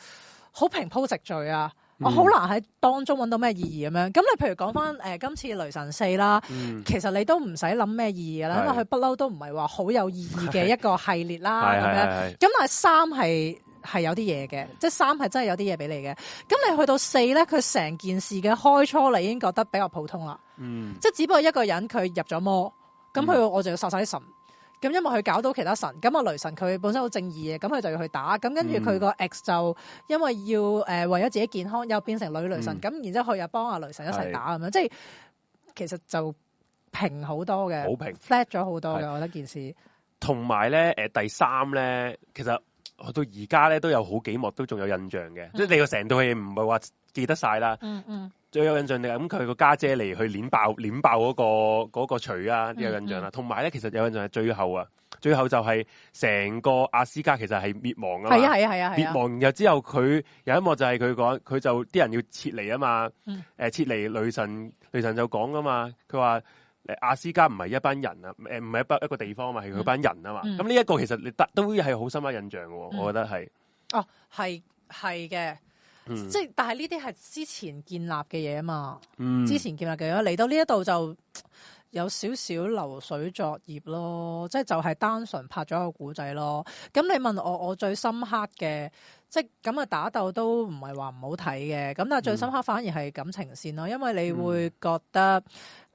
好平鋪直敍、嗯、啊，我好難喺當中揾到咩意義咁樣。咁你譬如講翻誒今次雷神四啦，其實你都唔使諗咩意義啦，因為佢不嬲都唔係話好有意義嘅一個系列啦咁樣。咁但係三係。係有啲嘢嘅，即係三係真係有啲嘢俾你嘅。咁你去到四咧，佢成件事嘅開初你已經覺得比較普通啦。嗯，即係只不過一個人佢入咗魔，咁佢我就要殺晒啲神。咁、嗯、因為佢搞到其他神，咁阿雷神佢本身好正義嘅，咁佢就要去打。咁跟住佢個 X 就因為要誒、嗯呃，為咗自己健康又變成女雷神。咁、嗯、然之後佢又幫阿雷神一齊打咁樣、嗯，即係其實就平好多嘅，好平，flat 咗好多嘅。我覺得件事同埋咧，誒、呃，第三咧，其實。到而家咧都有好幾幕都仲有印象嘅，嗯、即係你個成套戲唔係話記得晒啦。嗯嗯，最有印象嘅，咁佢個家姐嚟去捏爆捏爆嗰個嗰個槌啊，有印象啦。同埋咧，其實有印象係最後啊，最後就係成個阿斯加其實係滅亡嘛啊。係啊係啊係啊！啊啊滅亡完之後，佢有一幕就係佢講佢就啲人要撤離啊嘛、嗯呃。撤離雷神，雷神就講噶嘛，佢話。誒，阿斯加唔係一班人啊，誒，唔係一班一個地方嘛，係佢班人啊嘛。咁呢一個其實你都係好深刻印象嘅，嗯，我覺得係。哦，係係嘅，即係但係呢啲係之前建立嘅嘢啊嘛，之前建立嘅嘢嚟到呢一度就有少少流水作業咯，即係就係、是、單純拍咗個古仔咯。咁你問我，我最深刻嘅，即係咁啊打鬥都唔係話唔好睇嘅，咁但係最深刻反而係感情綫咯，因為你會覺得。嗯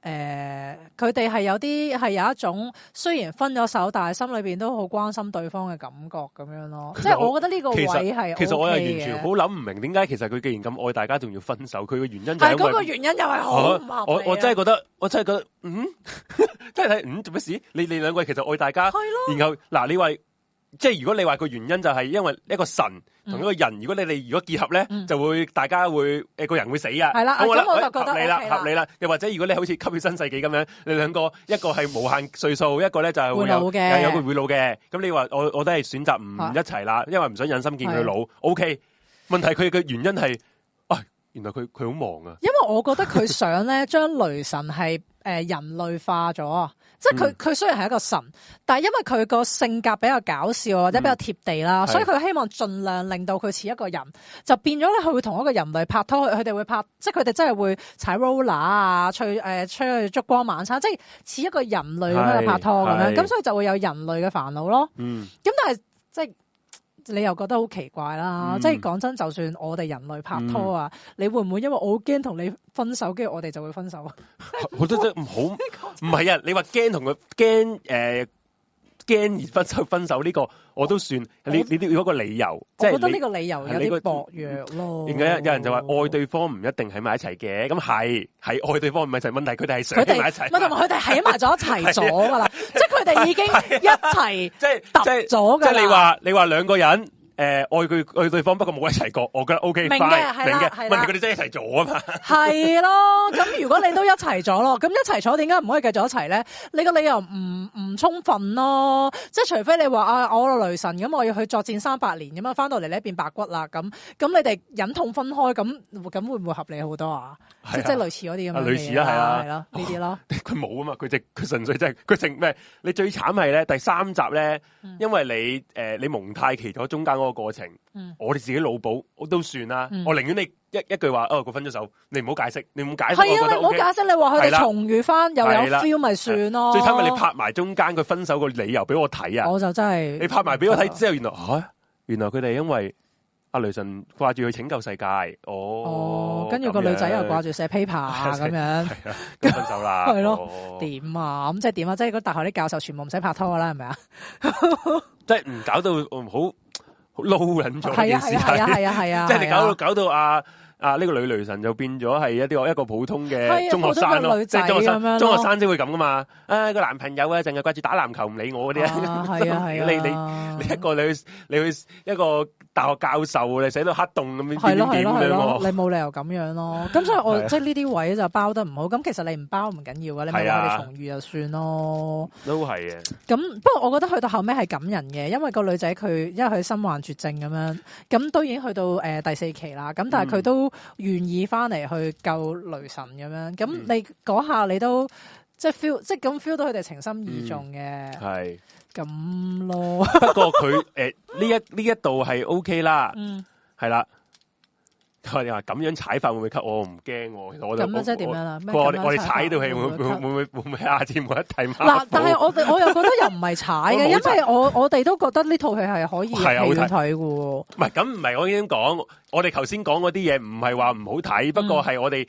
誒、呃，佢哋係有啲係有一種，雖然分咗手，但係心裏邊都好關心對方嘅感覺咁樣咯。其實即係我覺得呢個位係、OK、其，其實我又完全好諗唔明點解其實佢既然咁愛大家，仲要分手？佢嘅原因係嗰、啊嗰個原因又係好唔合理，我我，我真係覺得，我真係覺得，嗯，即係睇，嗯，做乜事？你你兩位其實愛大家，係咯，然後嗱，呢位。即係如果你話個原因就係因為一個神同一個人，嗯、如果你哋如果結合咧，嗯、就會大家會誒個人會死啊。係、嗯、啦，咁我就覺得合理啦，合理啦。又、okay、或者如果你好似《吸血新世紀》咁樣，你兩個一個係無限歲數， 一個咧就係會有會有會老嘅。咁你話我我都係選擇唔一齊啦、啊，因為唔想忍心見佢老。O、OK、K，問題佢嘅原因係，哎，原來佢佢好忙啊。因為我覺得佢想咧將 雷神係誒、呃、人類化咗。即係佢佢雖然係一個神，嗯、但係因為佢個性格比較搞笑或者比較貼地啦，嗯、所以佢希望盡量令到佢似一個人，就變咗咧佢會同一個人類拍拖，佢哋會拍，即係佢哋真係會踩 roller 啊，吹誒、呃、吹去燭光晚餐，即係似一個人類咁樣拍拖咁樣，咁所以就會有人類嘅煩惱咯。咁、嗯、但係即係。你又覺得好奇怪啦，嗯、即係講真，就算我哋人類拍拖啊、嗯，你會唔會因為我好驚同你分手，跟住我哋就會分手啊？我覺得唔好，唔係 啊！你話驚同佢驚誒？驚而分手分手呢，這個我都算我你你都要一個理由，即我覺得呢個理由有啲薄弱咯。而家有人就話愛對方唔一定喺埋一齊嘅，咁係係愛對方唔係一齊，問題佢哋係想日喺埋一齊，唔係同埋佢哋係喺埋咗一齊咗噶啦， 即係佢哋已經一齊 即係搭咗。即係你話你話兩個人。誒愛佢愛對方，不過冇一齊過，我覺得 OK 明嘅係啦，明嘅。問題佢哋真係一齊咗啊嘛？係咯，咁如果你都一齊咗咯，咁一齊咗點解唔可以繼續一齊咧？你個理由唔唔充分咯，即係除非你話啊，我雷神咁我要去作戰三百年咁啊，翻到嚟咧變白骨啦，咁咁你哋忍痛分開咁，咁會唔會合理好多啊？即係即係類似嗰啲咁樣嘅嘢。類似啦，係啦，係啦，呢啲、哦、咯。佢冇啊嘛，佢淨佢純粹即係佢淨咩？你最慘係咧第三集咧、嗯，因為你誒、呃、你蒙太奇咗中間、嗰個個過程，嗯、我哋自己腦補我都算啦。我寧願、嗯、你一一句話，哦，佢分咗手，你唔好解釋，你唔解係啊、OK，你唔好解釋，你話佢重遇翻，又有 feel 咪算咯。最慘係你拍埋中間，佢分手個理由俾我睇啊！我就真係你拍埋俾我睇之後，原來原來佢哋因為阿雷神掛住去拯救世界，哦，哦，跟住個女仔又掛住寫 paper 咁樣，樣分手啦，係 咯，點、哦、啊？咁即係點啊？即係個大學啲教授全部唔使拍拖噶啦，係咪啊？即係唔搞到好。嗯撈緊咗件事啊，係啊，係啊，即係你搞到搞到啊啊！呢個女雷神就變咗係一啲一個普通嘅中學生咯，即係咁樣，中學生先會咁噶嘛？啊個男朋友啊，一陣掛住打籃球唔理我嗰啲啊，係啊係，你你你一個女你去一個。大學教授你寫到黑洞咁樣係，囉，係囉，係囉，你冇理由咁樣咯。咁 所以我，我即係呢啲位就包得唔好。咁其實你唔包唔緊要噶，你咪佢重遇就算咯。都係嘅。咁不過我覺得去到後尾係感人嘅，因為個女仔佢，因為佢身患絕症咁樣，咁都已經去到誒、呃、第四期啦。咁但係佢都願意翻嚟去救雷神咁樣。咁你嗰下你都。即係 feel，即係咁 feel 到佢哋情深意重嘅、嗯，係咁咯。 不過佢誒呢一呢一度係 OK 啦，係、嗯、啦。佢哋話咁樣踩法會唔會 cut 我唔驚我，我，咁樣即係點樣啦？我我哋踩呢套戲會會會會會阿添冇得睇嗎？嗱，但係我我又覺得又唔係踩嘅， 因為我我哋都覺得呢套戲係可以睇嘅。唔係咁唔係我已經講，我哋頭先講嗰啲嘢唔係話唔好睇，不過係我哋。嗯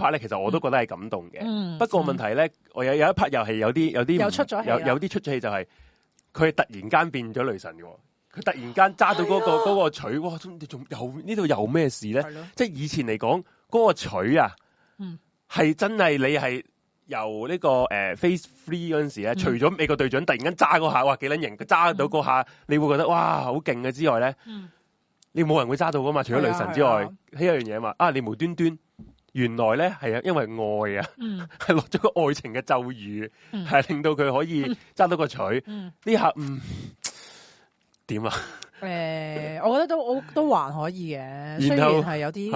拍咧，其實我都覺得係感動嘅、嗯。不過問題咧、嗯，我有一遊戲有一拍又係有啲有啲有有啲出咗戲就係、係、佢突，突然間變咗雷神嘅喎。佢突然間揸到嗰個嗰個錘，哇！你仲又呢度有咩事咧？即係以前嚟講嗰、嗰個錘啊，係、嗯、真係你係由呢、呢個誒 Phase Three 嗰陣時咧，嗯嗯除咗美國隊長突然間揸嗰下，哇幾撚型，佢揸到嗰下，你會覺得哇好勁嘅之外咧，嗯嗯你冇人會揸到噶嘛？除咗雷神之外，呢一樣嘢啊嘛，啊你無端端～原來咧係啊，因為愛啊，係落咗個愛情嘅咒語，係、嗯、令到佢可以爭到一個錘。呢下唔點啊？誒、欸，我覺得都我都還可以嘅，雖然係有啲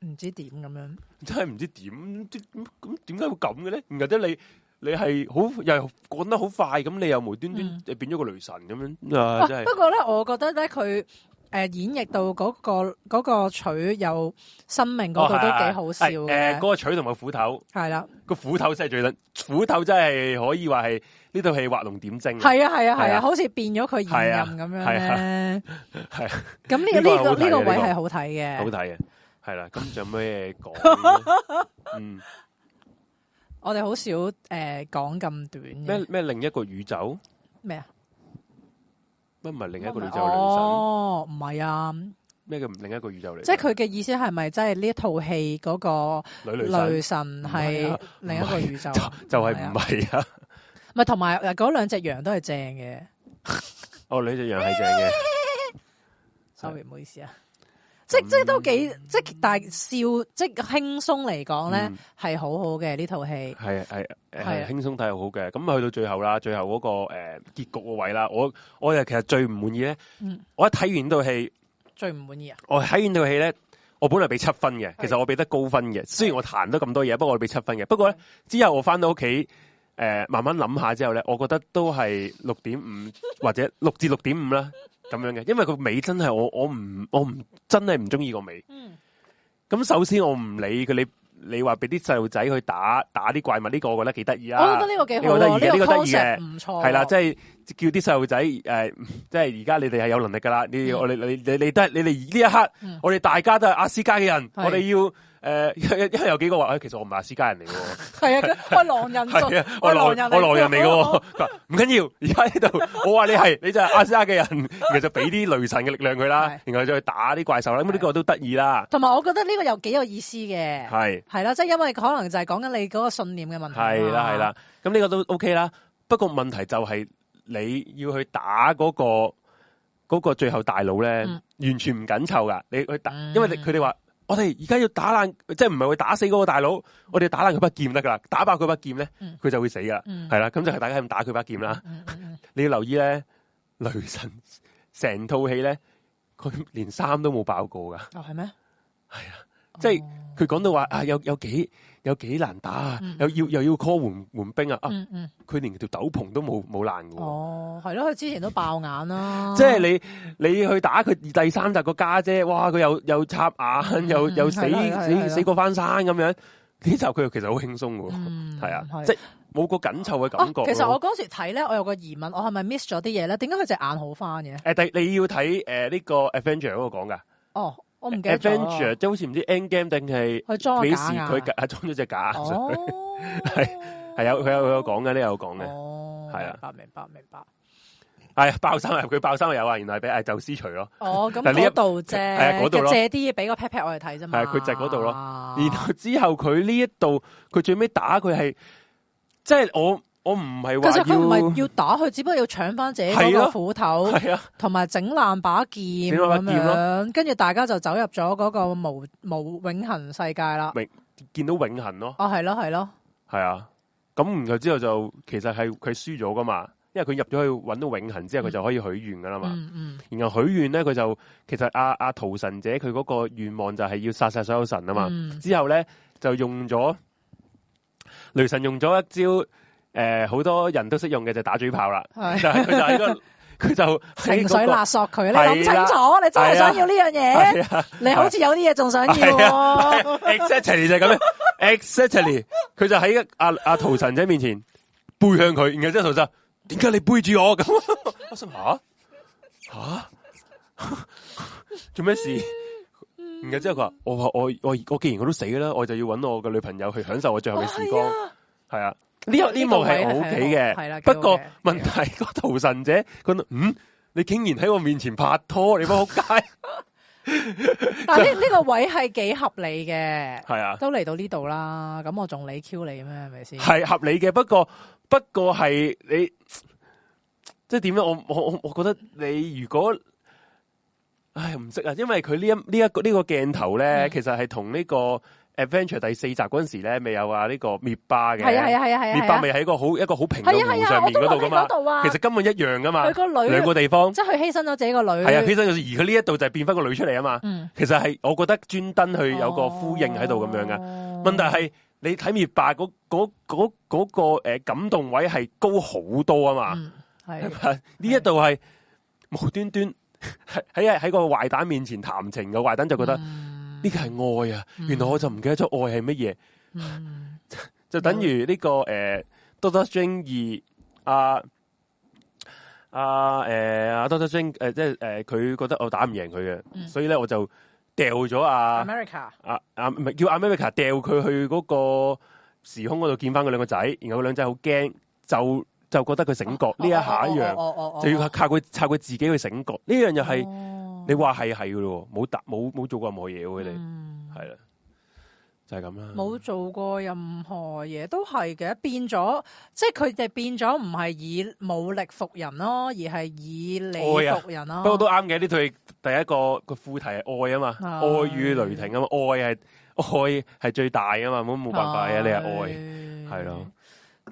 唔、啊、知點咁樣，樣，真係唔知點，咁咁點解會咁嘅咧？唔覺得你，你係好又講得好快，咁你又無端端就變咗個雷神咁樣、嗯啊、不過咧，我覺得咧佢。他誒、呃，演繹到嗰、那個嗰、那個錘有生命嗰個都幾好笑誒，嗰、哦啊哎呃那個取同埋斧頭係啦，個、啊、斧頭真係最叻，斧頭真係可以話係呢套戲畫龍點睛的。係啊係啊係啊，好似變咗佢現任咁、啊啊啊、樣咧。係、啊。咁呢、啊這個呢、這個呢、這個這個位係好睇嘅。好睇嘅，係啦、啊。咁仲有咩講？ 嗯，我哋好少誒講咁短。咩咩另一個宇宙？咩啊？乜唔係另一個宇宙女神哦，唔係啊！咩叫另一個宇宙嚟？即係佢嘅意思係咪即係呢一套戲嗰個女女神係另一個宇宙？就係唔係啊？唔係同埋嗰兩隻羊都係正嘅。哦，兩隻羊係正嘅。 Sorry，唔好意思啊！即即都幾、嗯、即，大笑即輕鬆嚟講咧，係、嗯、好好嘅呢套戲。係係係輕鬆睇好好嘅。咁去到最後啦，最後嗰、那個誒、呃、結局個位啦，我我又其實最唔滿意咧、嗯。我一睇完呢套戲，最唔滿意啊！我睇完套戲咧，我本來俾七分嘅，其實我俾得高分嘅。雖然我彈得咁多嘢，不過我俾七分嘅。不過咧，之後我翻到屋企，誒、呃、慢慢諗下之後咧，我覺得都係六點五或者六至六點五啦。 咁樣嘅，因為個尾真係我我唔我唔真係唔中意個尾咁、嗯、首先我唔理佢，你你話俾啲細路仔去打打啲怪物，呢個我覺得幾得意啊！我覺得呢個幾好嘅，呢個得意嘅，唔錯。係啦，即係叫啲細路仔誒，即係而家你哋係有能力噶啦、嗯，你要我你你你你都係你哋呢一刻，嗯，我哋大家都係阿斯家嘅人，我哋要。誒，因為有幾個話，誒，其實我唔係阿斯加人嚟嘅，係 啊，我狼人，係啊，我狼人，我狼人嚟嘅，唔緊要，而家喺度，我話 你係，你就係阿斯加嘅人，然 後就俾啲雷神嘅力量佢啦，然後再去打啲怪獸啦，咁呢個都得意啦。同埋，我覺得呢個又幾有意思嘅。係係啦，即係因為可能就係講緊你嗰個信念嘅問題。係啦係啦，咁呢個都 OK 啦，不過問題就係你要去打嗰個嗰個最後大佬咧、嗯，完全唔緊湊噶，你去打、嗯、因為佢哋話。我哋而家要打爛，即係唔係會打死嗰個大佬？嗯、我哋打爛佢把劍得噶啦，打爆佢把劍咧，佢、嗯、就會死噶。係、嗯、啦，咁就係大家咁打佢把劍啦。嗯嗯嗯，你要留意咧，雷神成套戲咧，佢連衫都冇爆過噶。哦，係咩？係啊，即係佢講到話啊，有有幾。有幾難打啊！又要又要 call 援援兵啊！啊，佢、嗯嗯、連條斗篷都冇冇爛嘅。啊、哦，係咯，佢之前都爆眼啦。 即係你你去打佢第三集個家姐，姐，哇！佢又又插眼，嗯、又又死死死死過翻生咁樣。呢集佢其實好輕鬆嘅，係啊，即係冇個緊湊嘅感覺啊啊。其實我嗰時睇咧，我有個疑問，我係咪 miss 咗啲嘢咧？點解佢隻眼好翻嘅？誒、啊，第你要睇誒呢個 Avenger 嗰個講噶。哦。啊、Avenger 即好似唔知 Endgame 定係，佢裝佢裝咗隻假眼係，係係、oh, 有佢有佢有講嘅，呢有講嘅，係啊、oh,，明白明白明白，係、哎、爆衫，爆衫、oh, 這個哎、呀啊，佢爆衫有啊，原來俾誒宙斯除咯，哦咁呢一度啫，借啲嘢俾個 pat pat 我哋睇啫嘛，係佢就係嗰度咯，然後之後佢呢一度佢最尾打佢係，即係我。我唔係話，其實佢唔係要打佢，只不過要搶翻自己嗰個斧頭，同埋整爛把劍咁樣。跟住大家就走入咗嗰個無無永恆世界啦。明見到永恆咯。哦、啊，係咯，係咯。係啊，咁然後之後就其實係佢輸咗噶嘛，因為佢入咗去揾到永恆之後，佢、嗯、就可以許願噶啦嘛、嗯嗯。然後許願咧，佢就其實阿阿屠神者佢嗰個願望就係要殺晒所有神啊嘛、嗯。之後咧就用咗雷神用咗一招。誒、呃，好多人都識用嘅就打嘴炮啦， 但係佢就一佢就情、那個、緒勒索佢你諗清楚、啊、你真係想要呢樣嘢，你好似有啲嘢仲想要、哦啊啊啊、 就這 ，exactly 就咁樣，exactly 佢就喺阿阿屠神仔面前背向佢，然後之、 啊啊、 麼 後屠神點解你背住我咁？我心吓吓做咩事？然後之後佢話我我我我既然我都死啦，我就要揾我嘅女朋友去享受我最後嘅時光，係 啊。呢呢幕係好 k 嘅，不過問題嗰個屠神者佢嗯，你竟然喺我面前拍拖， 你唔好介。但係呢呢個位係幾合理嘅，係啊，都嚟到呢度啦，咁我仲理 Q 你咩？係咪先？係合理嘅，不過不過係你，即係點樣我我我我覺得你如果，唉唔識啊，因為佢、這個這個、呢一呢一個呢個鏡頭咧，其實係同呢個。Adventure 第四集嗰陣時咧，未有話呢個滅霸嘅，係啊，係啊，係啊，滅霸未喺個好一個好平嘅路上面嗰度噶嘛。其實根本一樣噶嘛，佢個女兩個地方，即係佢犧牲咗自己女、啊、個女。係啊，犧牲咗，而佢呢一度就變翻個女出嚟啊嘛。其實係，我覺得專登去有個呼應喺度咁樣噶。問題係你睇滅霸嗰個個誒感動位係高好多啊嘛。係咪？呢一度係無端端喺喺 個壞蛋面前談情嘅壞蛋就覺得。嗯呢個係愛啊、嗯！原來我就唔記得咗愛係乜嘢， 就等於呢、呢個誒 Doctor Strange 二阿阿誒阿 Doctor Strange 即係佢、啊、覺得我打唔贏佢嘅、嗯，所以咧我就掉咗阿阿阿唔係叫阿 America 掉佢去嗰個時空嗰度見翻佢兩個仔，然後佢兩仔好驚，就就覺得佢醒覺呢、啊、一下一樣，啊啊啊啊啊啊啊、就要靠佢靠佢自己去醒覺呢、啊、樣又、就、係、係。啊。你話係係噶咯，冇冇冇做過任何嘢喎，佢哋係啦，就係咁啦。冇做過任何嘢都係嘅，變咗即係佢哋變咗唔係以武力服人咯，而係以你服人咯、啊啊。不過都啱嘅，呢對第一個個副題係愛啊嘛，愛與雷霆啊嘛，愛係愛係最大噶嘛，冇冇辦法嘅，是你係愛係咯。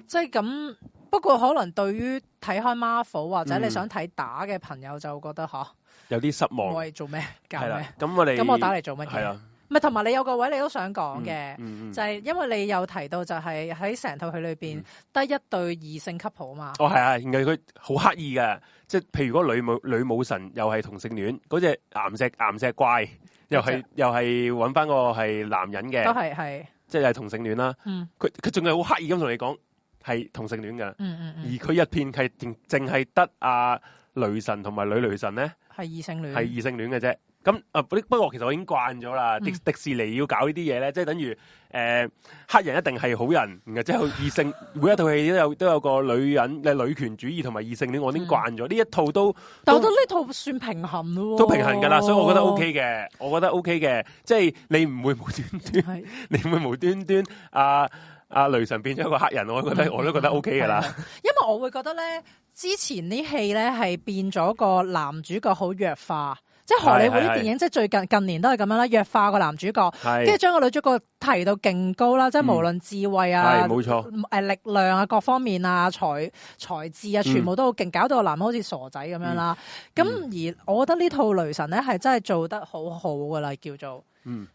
即係咁，不過可能對於睇開 Marvel 或者你想睇打嘅朋友就覺得吓。嗯有啲失望。我係做咩？係啦，咁我哋咁我打嚟做乜嘢？咪同埋你有個位，你都想講嘅、嗯嗯嗯，就係、是、因為你有提到就係喺成套戲裏邊得、嗯、一對異性級 o 啊嘛。哦係啊，而佢好刻意嘅，即係譬如嗰個女武女武神又係同性戀，嗰隻岩石岩石怪又係又係揾翻個係男人嘅，都係係，即係同性戀啦。嗯，佢佢仲係好刻意咁同你講係同性戀嘅、就是嗯嗯嗯嗯。而佢一片係淨淨係得阿雷神同埋女雷神咧。係異性戀，係異性戀嘅啫。咁啊，不不過其實我已經慣咗啦。迪迪士尼要搞呢啲嘢咧，嗯、即係等於誒、呃、黑人一定係好人然即係異性，每一套戲都有都有個女人嘅女權主義同埋異性戀，我已經慣咗呢一套都，都。但我覺得呢套算平衡咯，哦，都平衡噶啦，所以我覺得 OK 嘅，我覺得 OK 嘅，即、就、係、是、你唔會無端端， 你唔會無端端阿阿、呃呃、雷神變咗個黑人，我覺得我都覺得 OK 噶啦。因為我會覺得咧。之前啲戲咧，係變咗個男主角好弱化，即係荷里活啲電影，即係最近近年都係咁樣啦，弱化個男主角，即係將個女主角提到勁高啦，即係無論智慧啊，冇錯，誒，力量啊，各方面啊，才才智啊，全部都好勁，搞到個男好似傻仔咁樣啦。咁、嗯、而我覺得呢套雷神咧，係真係做得好好噶啦，叫做嗯。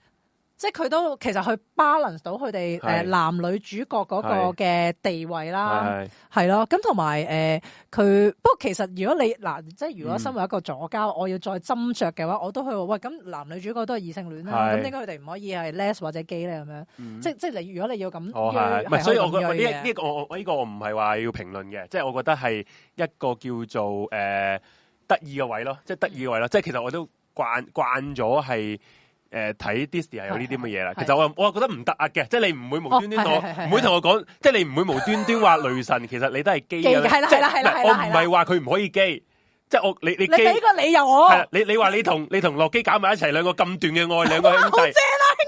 即係佢都其實去 balance 到佢哋誒男女主角嗰個嘅地位啦，係咯，咁同埋誒佢，不過其實如果你嗱即係如果身為一個左膠、嗯，我要再斟酌嘅話，我都去話喂咁男女主角都係異性戀啦，咁點解佢哋唔可以係 les 或者 gay 呢？咧咁樣，即係即係你如果你要咁係，唔、哦、所以我覺得呢呢、這個、這個、我我呢、這個我唔係話要評論嘅，即、就、係、是、我覺得係一個叫做誒、呃、得意嘅位咯、就是嗯，即係得意嘅位咯，即係其實我都慣慣咗係。誒、呃，睇 Disney 有呢啲咁嘅嘢啦，其實我我又覺得唔得啊嘅，即、就、係、是、你唔會無端端我唔、哦啊啊啊、會同我講，即、就、係、是、你唔會無端端話雷神 其實你都係基嘅，係啦係啦係啦，我唔係話佢唔可以基，即係我你你基，你，你，你個理由我、啊啊，你你話你同你同洛基搞埋一齊，兩個咁短嘅愛，兩個、就是啊、兄弟、啊，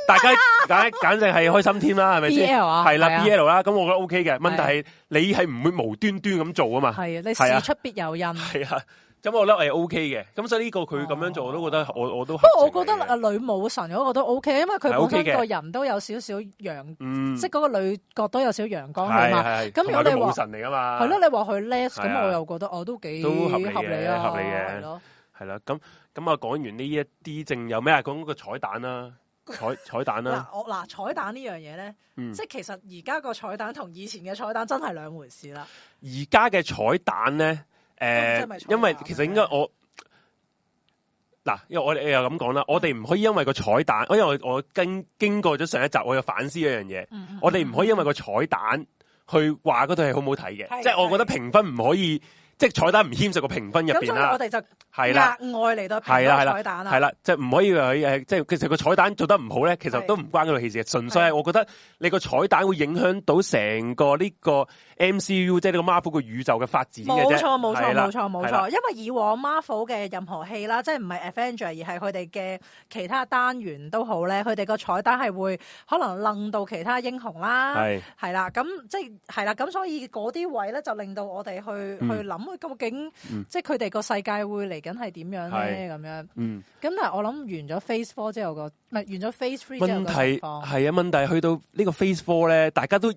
大家簡簡直係開心添啦，係咪先？係啦，BL 啦、啊，咁、啊啊啊啊、我覺得 OK 嘅、啊。問題係、啊、你係唔會無端端咁做啊嘛，係啊，啊你事出必有因，係啊。咁我覺得係 O K 嘅，咁所以呢個佢咁樣做我我、啊我，我都覺得我我都。不過我覺得女武神我覺得 O K，因為佢本身個人都有少少陽，嗯、即係嗰個女角都有少少陽光係、嗯、嘛。咁如果你話，武神嚟㗎嘛，係咯，你話佢 less 咁，我又覺得我都幾都合理嘅係咯，係啦。咁咁啊，講完呢一啲，仲有咩啊？講個彩蛋啦、啊，彩 彩蛋啦、啊。嗱 嗱彩、嗯、彩，彩，彩蛋呢樣嘢咧，即係其實而家個彩蛋同以前嘅彩蛋真係兩回事啦。而家嘅彩蛋咧。誒、嗯呃，因為其實應該我嗱、嗯，因為我哋又咁講啦，我哋唔、嗯、可以因為個彩蛋，因為我我經經過咗上一集，我有反思一樣嘢、嗯，我哋唔可以因為個彩蛋去話嗰對係好唔好睇嘅，即係我覺得評分唔可以。即彩蛋唔牽涉個評分入邊啦，係啦，外嚟到評個彩蛋啊，係啦，即唔可以話係，即其實個彩蛋做得唔好咧，其實都唔關佢戲事嘅，純粹係我覺得你個彩蛋會影響到成個呢個 MCU，即呢個 Marvel 個宇宙嘅發展嘅啫，冇錯冇錯冇錯冇錯，因為以往 Marvel 嘅任何戲啦，即唔係 Avenger 而係佢哋嘅其他單元都好咧，佢哋個彩蛋係會可能楞到其他英雄啦，係係啦，咁即係啦，咁所以嗰啲位咧就令到我哋去去諗。究竟即係佢哋個世界會嚟緊係點樣咧？咁樣，咁、嗯、啊，但我諗完咗 phase four 之後個，唔係完咗 phase three 之後個情況係啊，問題去到個呢個 phase four 咧，大家都一。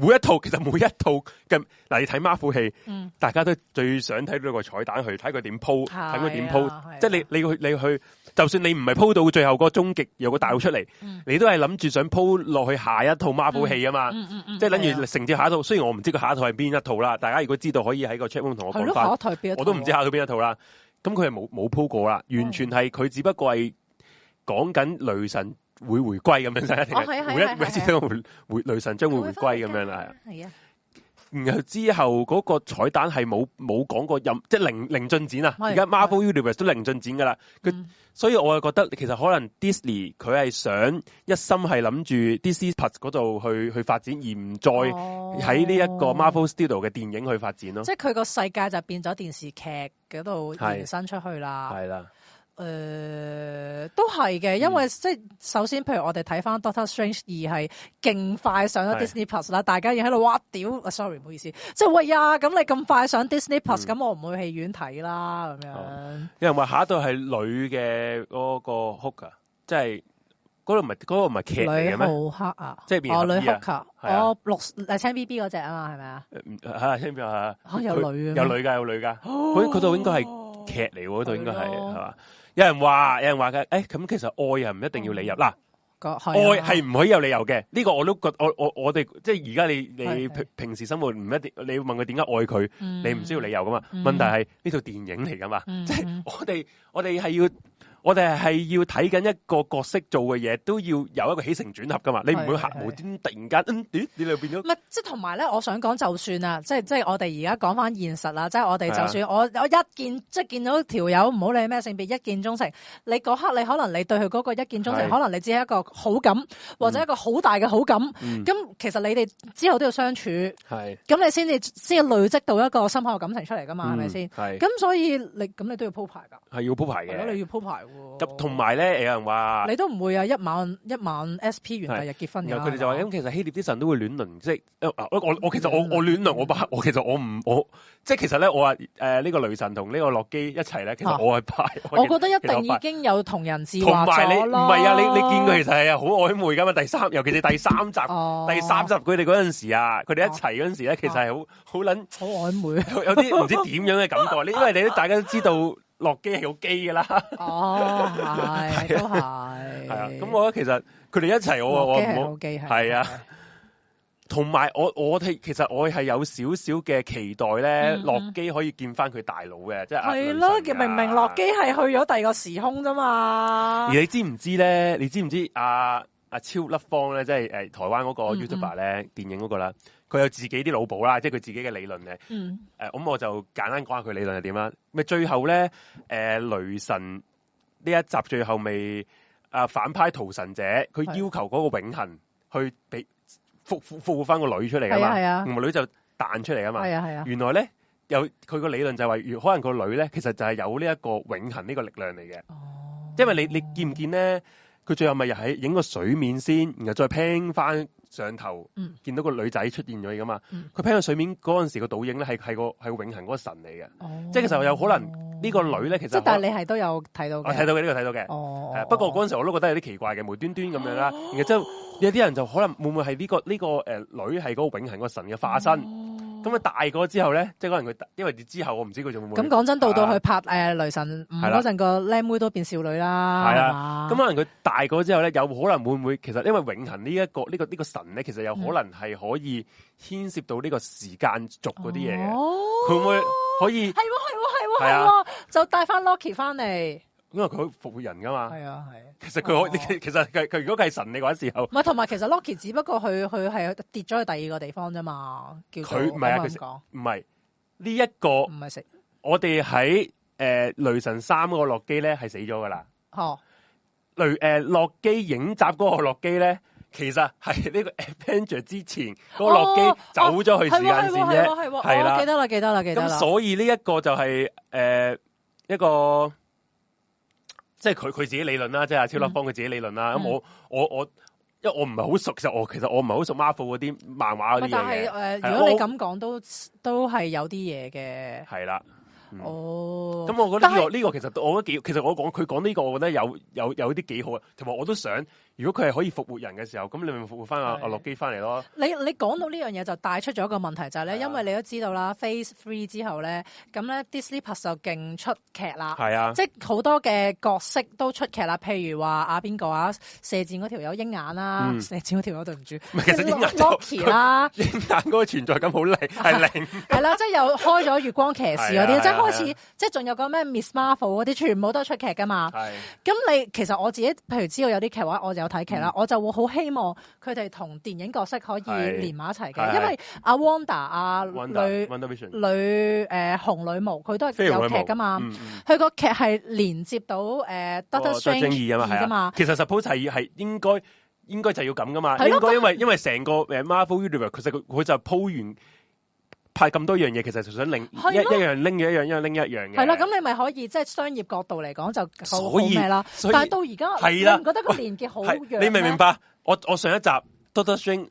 每一套，其實每一套嘅嗱，你睇孖虎戲、嗯，大家都最想睇到個彩蛋去睇佢點鋪，睇佢點鋪，即係、啊就是、你你去你去，就算你唔係鋪到最後個終極有一個大佬出嚟、嗯，你都係諗住想鋪落去下一套孖虎戲啊嘛，即、嗯、係、嗯嗯嗯就是、等住承接下一套。啊、雖然我唔知佢下一套係邊一套啦，大家如果知道可以喺個 checkroom 同我講翻、啊啊。我都唔知下套邊一套啦。咁佢係冇冇鋪過啦，完全係佢、嗯、只不過係講緊雷神。會回歸咁樣啫，每一每一次都雷雷神將會回歸咁樣啦，係啊。然後之後嗰個彩蛋係冇冇講過任即零零進展啊。而家 Marvel Universe 都零進展噶啦。佢所以我又覺得其實可能 Disney 佢係想一心係諗住 Disney Plus 嗰度去去發展，而唔再喺呢一個 Marvel Studio、哦、嘅電影去發展咯。即係佢個世界就變咗電視劇嗰度延伸出去啦。係啦。誒、呃，都係嘅，因為、嗯、即係首先，譬如我哋睇翻 Doctor Strange 二係勁快上咗 Disney Plus 啦，大家要喺度挖屌，sorry 唔、啊、好意思，即係喂啊，咁你咁快上 Disney Plus 咁、嗯、我唔會去戲院睇啦咁樣、哦。有人話下一度係女嘅嗰個 hook 啊，即係嗰度唔係嗰個唔係劇女黑啊，即係變、啊啊、女 hook 啊，是啊我六啊青 B B 嗰隻啊嘛係咪啊？青 B B 吓，有、啊、女啊，啊？有女噶有女噶，佢佢度應該係。劇嚟嗰度應該係係咪？有人話有人話嘅，誒、欸、咁其實愛係唔一定要理由，嗱，愛係唔可以有理由嘅，呢、這個我都覺得，我我我哋即係而家你你平平時生活唔一，定，你要問佢點解愛佢、嗯，你唔需要理由㗎嘛，問題係呢套電影嚟㗎嘛，嗯、即係我哋我哋係要。我哋係要睇緊一個角色做嘅嘢，都要有一個起承轉合噶嘛。你唔會吓無端突然間，嗯，咦，你哋變咗？唔係，即係同埋咧，我想講就算啦，即係即係我哋而家講翻現實啦，即係我哋就算我我一見即係見到條友，唔好理咩性別，一見鍾情。你嗰刻你可能你對佢嗰個一見鍾情，可能你只係一個好感，或者一個好大嘅好感。咁、嗯、其實你哋之後都要相處，係咁你先至先累積到一個深刻嘅感情出嚟噶嘛？係咪先？係。咁所以你咁你都要鋪排噶係要鋪排嘅，你要鋪排。咁同埋咧，有人話你都唔會啊！一晚一晚 S P 完第日結婚嘅，佢哋就話咁、嗯，其實希臘啲神都會亂倫，即、就、係、是、我我，我其實我我亂倫，我我，我其實我唔我即係、就是、其實咧，我話誒呢個雷神同呢個洛基一齊咧，其實我係怕、啊。我覺得一定已經，已經有同人誌，同埋你唔係啊！你你見過其實係啊，好曖昧噶嘛！第三，尤其是第三集，啊、第三集佢哋嗰陣時啊，佢哋一齊嗰陣時咧，其實係好好捻好曖昧，有啲唔知點樣嘅感覺。你 因為你大家都知道。洛基係有基噶啦哦，哦係，係，啊， 咁我覺得其實佢哋一齊我機我機我係啊，同埋我我哋其實我係有少少嘅期待咧，洛、嗯、基、嗯、可以見翻佢大佬嘅，即係係咯，明明洛基係去咗第二個時空啫嘛，而你知唔知咧？你知唔知阿阿、啊啊、超粒方咧，即係誒台灣嗰個 YouTuber 咧、嗯嗯、電影嗰個啦？佢有自己啲腦補啦，即係佢自己嘅理論嘅。誒、嗯，咁、呃、我就簡單講下佢理論係點啦。咪最後咧，誒、呃，雷神呢一集最後未、啊、反派屠神者，佢要求嗰個永恆去俾復復復翻個女出嚟啊嘛，個、啊啊、女就彈出嚟啊嘛。係啊係啊，原來咧，有佢個理論就係、是、話，可能個女咧，其實就係有呢一個永恆呢個力量嚟嘅。哦，因為你你見唔見咧？佢最後咪又喺影個水面先，然後再拼翻上頭，見到個女仔出現咗嘅嘛。佢、嗯、拼到水面嗰陣時個倒影咧，係係個係永恆嗰個神嚟嘅，哦、即係其實有可能呢個女咧其實即係但係你係都有睇到嘅，睇、哦、到嘅呢、呢個睇到嘅、哦。不過嗰陣時我都覺得有啲奇怪嘅，無端端咁樣啦。哦、然後即有啲人就可能會唔會係呢、呢個呢、呢個誒女係嗰個永恆個神嘅化身？哦哦。咁啊大個之後咧，即、就、係、是、可能佢因為之後我唔知佢仲會咁講真，到到去拍誒、啊呃《雷神五》嗰陣，個靚妹都變少女啦。係啊，咁可能佢大個之後咧，有可能會唔會其實因為永恆呢一個呢、呢個呢、呢個神咧，其實有可能係可以牽涉到呢個時間軸嗰啲嘢嘅。佢、哦、會唔會可以係係係係，就帶翻 Loki 翻嚟？因為佢好復活人噶嘛，係啊係、啊。其實佢可、哦、其實佢佢如果係神嘅話，時候唔係同埋其實 l c 洛基只不過佢佢係跌咗去第二個地方啫嘛，叫佢唔係啊是是，唔講唔係呢一個唔係食。我哋喺誒雷神三個洛基咧係死咗噶啦，哦雷誒洛基影集嗰個洛基咧，其實係呢個 Avenger 之前嗰個洛基、哦哦、走咗去時間線嘅係啦，記得啦記得啦記得啦。咁所以呢、就是呃、一個就係誒一個。即係佢佢自己理論啦，即係阿超立方佢自己理論啦。咁、嗯、我、嗯、我我，因為我唔係好熟，就我其實我唔係好熟 Marvel 嗰啲漫畫嗰啲嘢嘅。誒、呃，如果你咁講，都都係有啲嘢嘅。係啦，哦。咁、嗯嗯、我覺得呢個呢個，這個、其實我覺得幾，其實我講佢講呢個，我覺得有有有啲幾好啊。同埋我都想。如果佢係可以復活人嘅時候，咁你咪復活翻阿阿洛基翻嚟咯。你你講到呢樣嘢就帶出咗一個問題，就係咧，因為你都知道啦 Phase Three 之後咧，咁咧 Disney Plus 就勁出劇啦。係啊，即係好多嘅角色都出劇啦，譬如話阿邊個啊，射箭嗰條友鷹眼啦，射箭嗰條友、啊嗯、對唔住，其實鷹眼就佢鷹、啊、眼嗰個存在感好靚，係靚，係啦， 即係又開咗月光騎士嗰啲，即係開始，即係仲有個咩 Miss Marvel 嗰啲，全部都出劇噶嘛。係，咁你其實我自己譬如知道有啲劇話我就。睇劇啦，我就會好希望佢哋同電影角色可以連埋一齊嘅，因為阿、啊、Wanda 阿、啊、女女誒、呃、紅女巫佢都係有劇噶嘛，佢個、嗯嗯、劇係連接到 Doctor、呃哦、Strange 嘛，嘛。其實 Suppose 係應，應該就要咁噶嘛，應該因為因為成個 Marvel Universe 其實佢佢就鋪完。派咁多樣嘢，其實就想拎一一樣拎嘢，一樣樣拎一樣嘅。係啦，咁你咪可以即係商業角度嚟講就好咩啦。所以，所以，但係到而家，你唔覺得個連結好弱？你明唔明白？我我上一集 Doctor Strange，誒、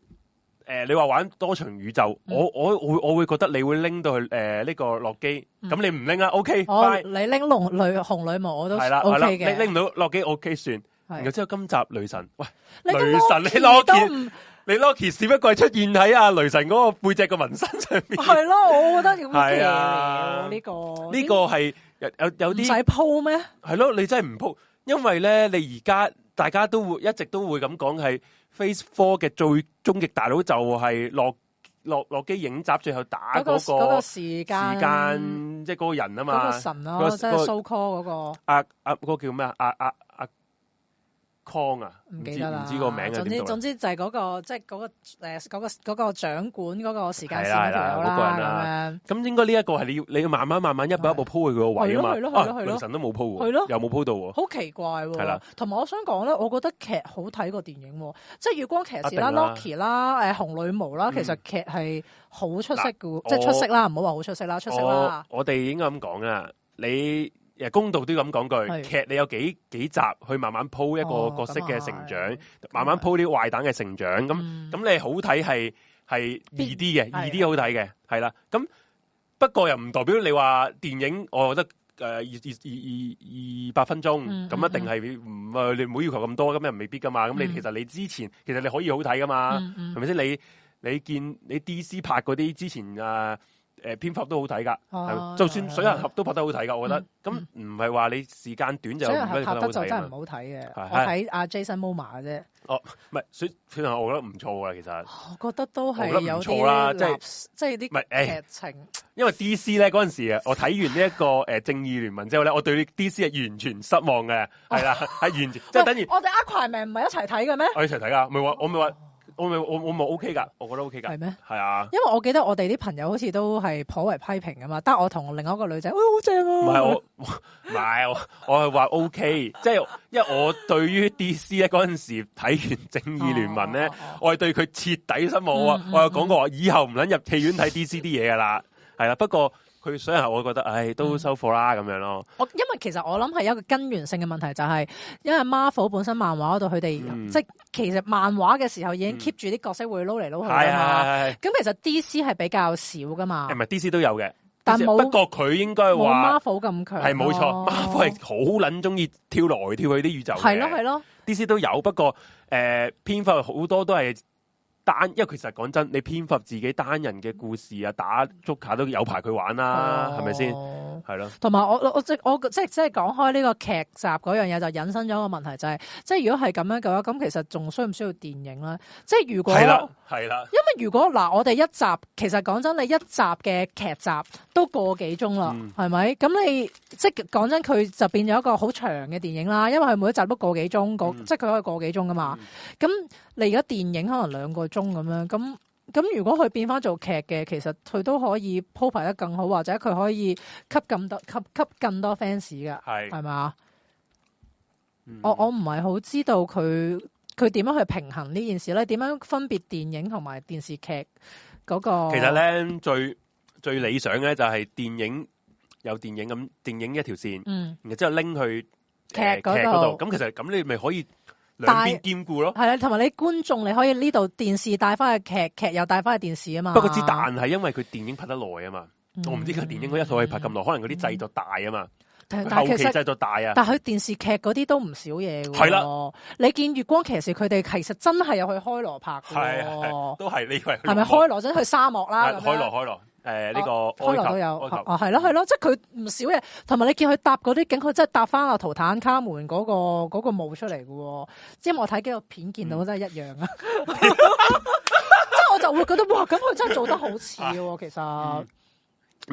呃，你話玩多重宇宙，嗯、我我會我會覺得你會拎到去誒呢個洛基。咁、嗯、你唔拎啦，OK, OK。你拎龍女紅女紅女巫，我都係啦係啦，拎唔、OK、到洛基，OK 算對。然後之後今集女神，喂，女神你洛到。你 Loki 只不過係出現喺阿雷神嗰個背脊個紋身上面。係咯，我覺得咁嘅呢個呢、這個係有有有啲唔使鋪咩？係咯，你真係唔鋪，因為咧，你而家大家都會一直都會咁講，係 Phase Four 嘅最終極大佬就係落落洛基影集最後打嗰、那個、那個那個時間時間即係嗰個人啊嘛，嗰、那個神咯、啊，真係 s o c o l 嗰個、那個那個那個、啊啊嗰、那個叫咩啊啊！啊湯啊，唔記得啦，總之總之就係嗰、那個即係嗰個誒嗰、呃那個嗰、那個掌管嗰個時間線嘅啦咁樣，咁、啊啊啊那個啊啊、應該呢一個係你要你要慢慢慢慢一步一步鋪去佢個位、啊啊啊啊啊啊啊、雷神都冇鋪嘅，又冇鋪到喎，好奇怪喎、啊，係啦、啊，同埋我想講咧，我覺得劇好睇過電影、啊，即係月光騎士啦、啊、Loki 啦、誒、呃、紅女巫啦，嗯、其實劇係好出色嘅，即係出色啦，唔好話好出色啦，出色啦，我哋應該咁講啊，你。公道啲咁講句劇，你有幾，幾集去慢慢鋪一個、哦、角色嘅成長，慢慢鋪啲壞蛋嘅成長咁咁，嗯、你好睇係係二 D 嘅，二 D 好睇嘅，係啦。咁不過又唔代表你話電影，我覺得誒二二二二百分鐘咁、嗯、一定係唔啊你唔好要求咁多，咁又未必噶嘛。咁、嗯、你其實你之前其實你可以好睇噶嘛，係咪先？你見你見你 D C 拍嗰啲之前啊～、呃誒、呃，蝙蝠俠都好睇噶、哦，就算水行俠都拍得好睇噶，我覺得咁唔係話你時間短就不拍好看。拍得就真係唔好睇嘅，睇阿、啊、Jason Momoa 啫。哦，唔係水水行俠我覺得唔錯噶，其實。我覺得都係有啲即係即係啲劇情、哎，因為 D C 咧，嗰陣時我睇完呢一個誒正義聯盟之後咧，我對 D C 係完全失望嘅，係啦係完全即係 等於。我哋 Aquaman 唔係一齊睇嘅咩？我一齊睇噶，唔係我咪唔話。我咪我我咪 O K 噶，我覺得 O K 噶，係咩？係啊，因為我記得我哋啲朋友好似都係頗為批評啊嘛，得我同另一個女仔，哇好正啊！唔係我，唔 係我，我係話 O K。即係因為我對於 D C 咧嗰陣時睇完《正義聯盟》咧、哦，我係對佢徹底失望啊、嗯！我有講過以後唔撚入戲院睇 D C 啲嘢噶啦，係 啦，不過佢所以我覺得，唉，都收貨啦咁樣咯、嗯。我因為其實我諗係一個根源性嘅問題，就係因為 Marvel 本身漫畫嗰度，佢哋、嗯、即係其實漫畫嘅時候已經 keep 住啲角色會撈嚟撈去啦咁、嗯嗯、其實 DC 係比較少噶嘛係係。唔係 DC 都有嘅，但冇。DC, 不過佢應該話 Marvel 咁強係冇錯。Marvel 係好捻中意跳來跳去啲宇宙。係咯係咯，DC 都有，不過誒，編法好多都係。單，因為其實講真，你編發自己單人嘅故事啊，打足卡都有排佢玩啦，係咪先？係咯，同埋我我即係我即係即係講開呢個劇集嗰樣嘢，就引申咗一個問題，就係，就係即係如果係咁樣嘅話，咁其實仲需唔需要電影啦？即係如果係啦，係啦，因為如果嗱，我哋一集其實講真，你一集嘅劇集都個幾鐘啦，係、嗯、咪？咁你即係講真，佢就變咗一個好長嘅電影啦，因為佢每一集都個幾鐘，嗯、即係佢可以個幾鐘噶嘛。咁、嗯、你而家電影可能兩個鐘咁樣咁。咁如果佢變翻做劇嘅，其實佢都可以鋪排得更好，或者佢可以吸咁多吸吸更多 fans 噶，係係嘛？我我唔係好知道佢佢點樣去平衡呢件事咧？點樣分別電影同埋電視劇、嗰個，其實咧，最最理想咧就係電影有電影，咁電影一條線，嗯，然之後拎去劇、呃、劇度，咁其實咁你咪可以。兩邊兼顧咯，係啊，同埋你觀眾你可以呢度電視帶翻去劇，劇又帶翻去電視啊嘛。不過之但係因為佢電影拍得耐啊嘛，嗯、我唔知佢電影嗰一套可以拍咁耐、嗯，可能嗰啲製作大啊嘛。但後期製作大啊，但係電視劇嗰啲都唔少嘢噶。係啦、啊，你見月光騎士佢哋其實真係有去開羅拍噶、啊啊，都係呢個係咪開羅真去沙漠啦？啊、開羅開羅。誒、呃，呢、這個開頭、啊、都有，哦係咯係咯，即係佢唔少嘢，同埋你見佢搭嗰啲景，佢真係搭翻阿圖坦卡門嗰、那個嗰、那個墓出嚟嘅，即係我睇幾個片見到、嗯、見都係一樣笑 啊，即係我就會覺得哇，咁佢真係做得好似嘅，其、啊、實。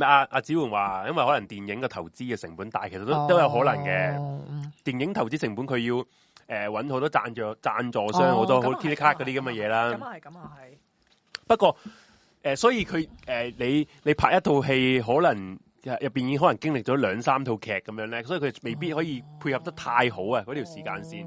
阿阿子煥話，因為可能電影嘅投資嘅成本大，其實都都有、啊、可能嘅。電影投資成本，佢要誒揾好多贊助贊助商，好、啊、多好 credit card 嗰啲咁嘅嘢啦。咁啊係，咁啊係。不過。誒、呃，所以佢誒，你你拍一套戲，可能入邊已經可能經歷咗兩三套劇咁樣咧，所以佢未必可以配合得太好啊，嗰、哦、條時間線。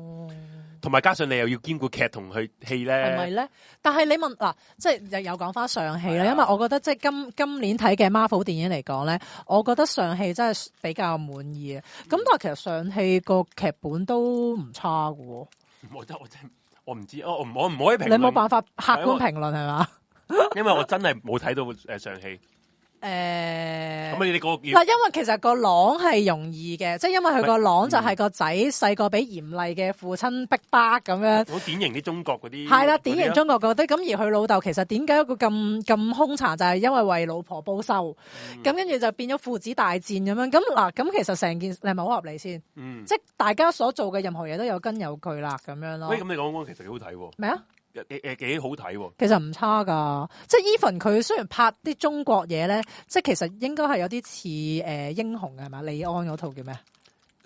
同埋加上你又要兼顧劇同佢戲咧，係咪咧？但係你問嗱、啊，即係有講翻上戲呢，啊、因為我覺得即係今今年睇嘅 Marvel 電影嚟講咧，我覺得上戲真係比較滿意啊。咁、嗯、但係其實上戲個劇本都唔差嘅我覺得，我真我唔知，我唔唔可以評。你冇辦法客觀評論係嘛？是啊是 因為我真係冇睇到誒上戲，誒、呃，咁、呃、啊你那個嗱，因為其實個朗係容易嘅，即、就、係、是、因為佢個朗就係個仔細個俾嚴厲嘅父親逼巴咁樣，好、嗯、典型啲中國嗰啲，係啦，典型中國嗰啲。咁、啊、而佢老豆其實點解一個咁咁凶殘，就係因為為老婆報仇，咁跟住就變咗父子大戰咁樣。咁嗱，咁其實成件事係咪好合理先？嗯，即係大家所做嘅任何嘢都有根有據啦，咁樣咯。喂，咁你講講其實幾好睇喎？咩啊？幾幾幾好睇喎！其實唔差噶，即係 Even 佢雖然拍啲中國嘢咧，即係其實應該係有啲似誒英雄嘅係嘛？李安嗰套叫咩啊？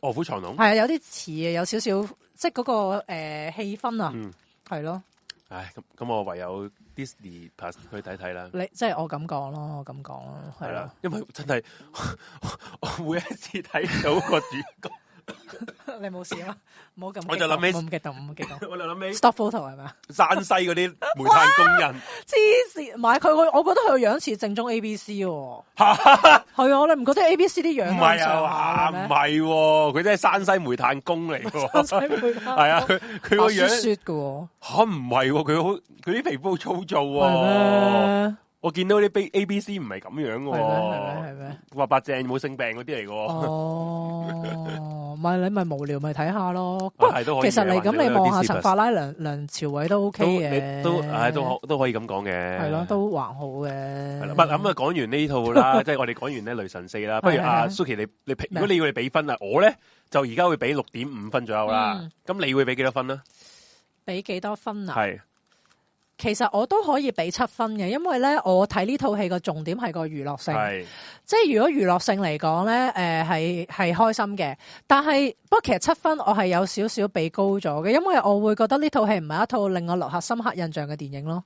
臥虎藏龍，係啊，有啲似啊，有少少即係嗰、那個誒、呃、氣氛啊，係咯。唉，咁咁我唯有 Disney +去睇睇啦。你即係我咁講咯，我咁講咯，係啦。因為真係我，我每一次睇到個主角。 你冇事啦，唔好咁，我就諗起唔激動，唔激動，我就諗起，就起 Stop Photo 係咪山西嗰啲煤炭工人，黐線，買佢我，我覺得佢個樣似正宗 A B C，係我哋唔覺得 A B C 啲樣唔係啊嘛，唔係，佢、啊、真係山西煤炭工嚟，係 啊，佢佢個樣、啊，雪嘅吓、哦，唔係佢好，佢啲皮膚好粗糙啊。我見到啲 A、哦、B、C 唔係咁樣嘅喎，話白淨冇性病嗰啲嚟嘅喎。唔 咪你咪無聊咪睇下咯、啊。其實你咁，你望下陳法拉、梁梁朝偉都 OK 嘅、啊。都，都，可以咁講嘅。係咯，都還好嘅。唔咁啊，講完呢套啦，即 係我哋講完咧《雷神四》啦。不如阿、啊、Suki，你，你如果你要嚟俾分啊，我咧就而家會俾六點五分左右啦。咁、嗯、你會俾幾多分咧？俾幾多分啊？係。其實我都可以俾七分嘅，因為咧我睇呢套戲個重點係個娛樂性，是即係如果娛樂性嚟講咧，誒係係開心嘅。但係不過其實七分我係有少少俾高咗嘅，因為我會覺得呢套戲唔係一套令我留下深刻印象嘅電影咯。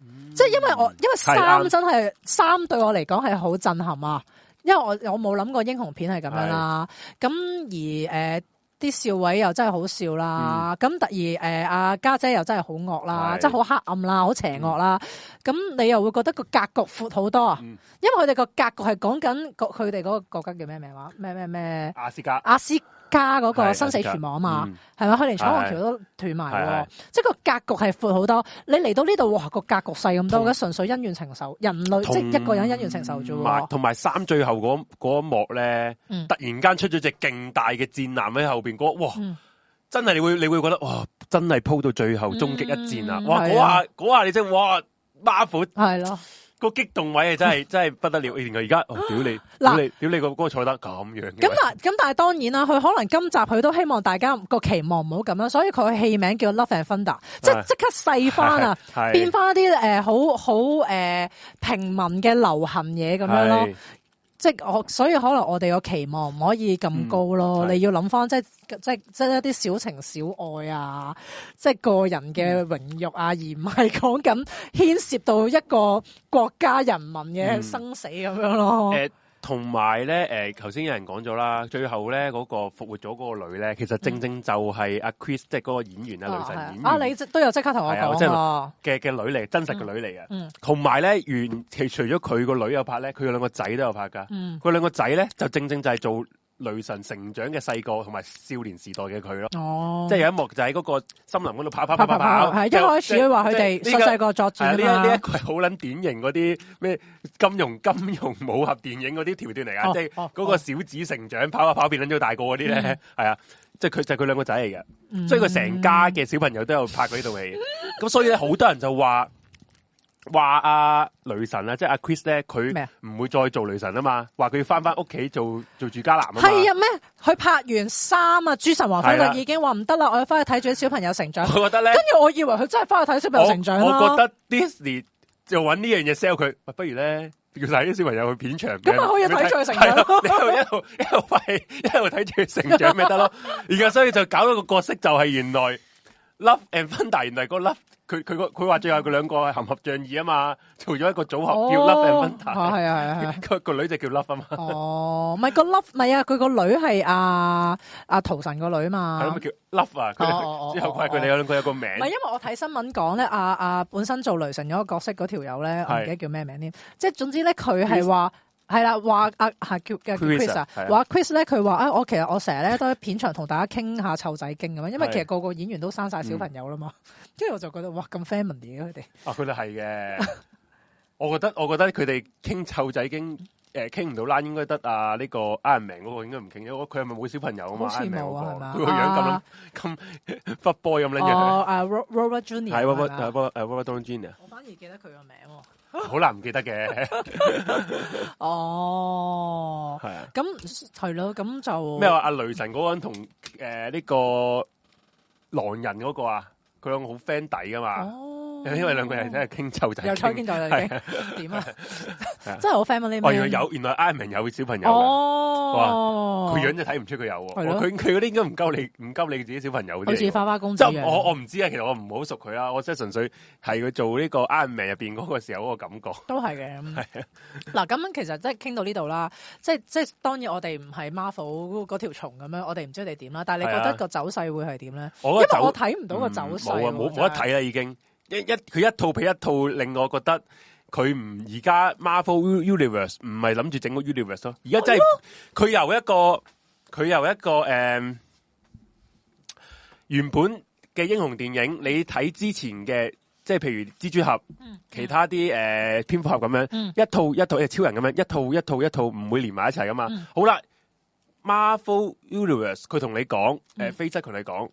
嗯、即係因為我因為三真係三對我嚟講係好震撼啊，因為我我冇諗過英雄片係咁樣啦。咁而誒。呃啲笑位又真係好笑啦，咁、嗯、突然誒阿家姐又真係好惡啦，即係好黑暗啦，好邪惡啦，咁、嗯、你又會覺得個格局闊好多啊、嗯，因為佢哋個格局係講緊佢哋嗰個國家叫咩名話咩咩咩阿斯加阿、啊、斯。加、那、嗰個生死存亡嘛，係咪？佢、嗯、連彩虹橋都斷埋，即係個格局係闊好多。你嚟到呢度，哇！個格局細咁多，純粹因緣成熟，人類即一個人因緣成熟啫喎。同埋三最後嗰嗰一幕咧、嗯，突然間出咗隻勁大嘅戰艦喺後面。嗰、那個、哇、嗯、真係你會你會覺得哇！真係鋪到最後終極一戰啊、嗯！哇！嗰下嗰下你真嘩，哇，麻咯～嗰個激動位啊，真係真係不得了！連佢而家，屌、哦、你，嗱、啊，屌你,你,你個歌彩得咁樣。咁 但咁但係當然啦，佢可能今集佢都希望大家個期望唔好咁啦，所以佢戲名叫《Love and Thunder》，即即刻細翻啊，變翻一啲誒、呃，好好誒、呃、平民嘅流行嘢咁樣咯。即係我，所以可能我哋嘅期望唔可以咁高咯、嗯。你要諗翻，即係即係即係一啲小情小愛啊，即係個人嘅榮辱啊、嗯，而唔係講緊牽涉到一個國家人民嘅生死咁、嗯、樣咯。欸同埋咧，誒頭先有人講咗啦，最後咧嗰、那個復活咗嗰個女咧，其實正正就係阿、啊、Chris、嗯、即係嗰個演員啊女神演員。啊，你都有即刻同我講啊！嘅嘅、就是、女嚟，真實嘅女嚟啊！同埋咧，原、嗯、其除咗佢個女有拍咧，佢兩個仔都有拍噶。佢、嗯、兩個仔咧，就正正就係做雷神成長嘅細個同埋少年時代嘅佢咯，即係有一幕就喺嗰個森林嗰度跑跑跑，跑跑跑跑跑，係一開始佢話佢哋細細個作主角，啊，呢呢一個係、這個、好撚典型嗰啲咩金庸金庸武俠電影嗰啲橋段嚟㗎，即係嗰個小子成長跑下跑，跑，跑變撚咗大個嗰啲咧，係、哦、啊，即係佢就佢、係、兩個仔嚟嘅，嗯、所以佢成家嘅小朋友都有拍過呢套戲，咁所以咧好多人就話。話阿雷神啊即係阿 Chris 咧，佢唔會再做雷神啊嘛。話佢要翻翻屋企做做住家男嘛。係啊咩？佢拍完三啊，諸神黃昏就已經話唔得啦。我要翻去睇住啲小朋友成長。我覺得咧，跟住我以為佢真係翻去睇小朋友成長我,我覺得 Disney 就搵呢樣嘢 sell 佢，不如咧叫晒啲小朋友去片場咁咪 可以睇住佢成長。一一路一路睇一路睇住佢成長咪得咯？而家所以就搞咗個角色就係原來 Love and Thunder 原來個 Love。佢佢個佢話最後佢兩個係含合仗義啊嘛，做咗一個組合叫 Love、哦、and Thunder 係啊係啊，佢個女就叫 Love、哦 哦那個、Love 啊，啊，啊嘛。哦，唔係個 Love 係啊，佢個女係阿阿屠神個女嘛，係咪叫 Love 啊？哦哦哦哦、之後怪佢哋有佢有個名。唔、哦、係、哦哦，因為我睇新聞講咧，阿、啊、阿、啊、本身做雷神嗰個角色嗰條友咧，我唔記得叫咩名添。即係總之咧，佢係話。係啦，阿係叫嘅 Chris 啊，話 Chris 咧佢話啊，我其實我成日咧都喺片場同大家傾下湊仔經咁樣，因為其實個個演員都生晒小朋友啦嘛，跟住、嗯、我就覺得哇咁 family 嘅佢哋。啊，佢哋係嘅，我覺得我覺得佢哋傾湊仔經誒傾唔到啦，應該得啊呢、呢個 Iron Man 嗰個應該唔傾，因為佢係咪冇小朋友啊嘛？似冇啊嘛，佢、佢個樣咁咁 cut boy 咁靚嘅。啊 Robert Jr。是 uh, Robert, uh, Robert Jr. 我反而記得佢個名、哦。好難唔記得嘅，哦，係啊，咁係咯，咁就咩話，阿雷神嗰個人同誒呢個狼人嗰個啊，佢兩個好 friend 底㗎嘛。因為兩個人真係傾湊仔，有、就、點、是、啊？ 真係好 family。哦，原來有，原來 Iron Man 有小朋友。佢、哦、樣就睇唔出佢有。係佢嗰啲應該唔夠你，唔夠你自己小朋友。好似花花公子，我我唔知啊，其實我唔好熟佢啦，我即係純粹係佢做呢個 Iron Man 入邊嗰個時候嗰個感覺。都係嘅。係啊。嗱， 咁其實即係傾到呢度啦，即係即係當然我哋唔係 Marvel 嗰條蟲咁樣，我哋唔知你點啦。但係你覺得個走勢會係點咧？因為我睇唔到個走勢、嗯，冇冇得睇啦，已經。一佢一套比一套，令我覺得佢唔而家 Marvel Universe 唔係諗住整個 Universe 咯。而家真係佢由一個佢由一個誒原本嘅英雄電影，你睇之前嘅，即係譬如蜘蛛俠，其他啲誒蝙蝠俠咁樣，一套一套誒超人咁樣，一套一套一套唔會連埋一齊噶嘛。好啦，Marvel Universe 佢同你講誒，飛質同你講。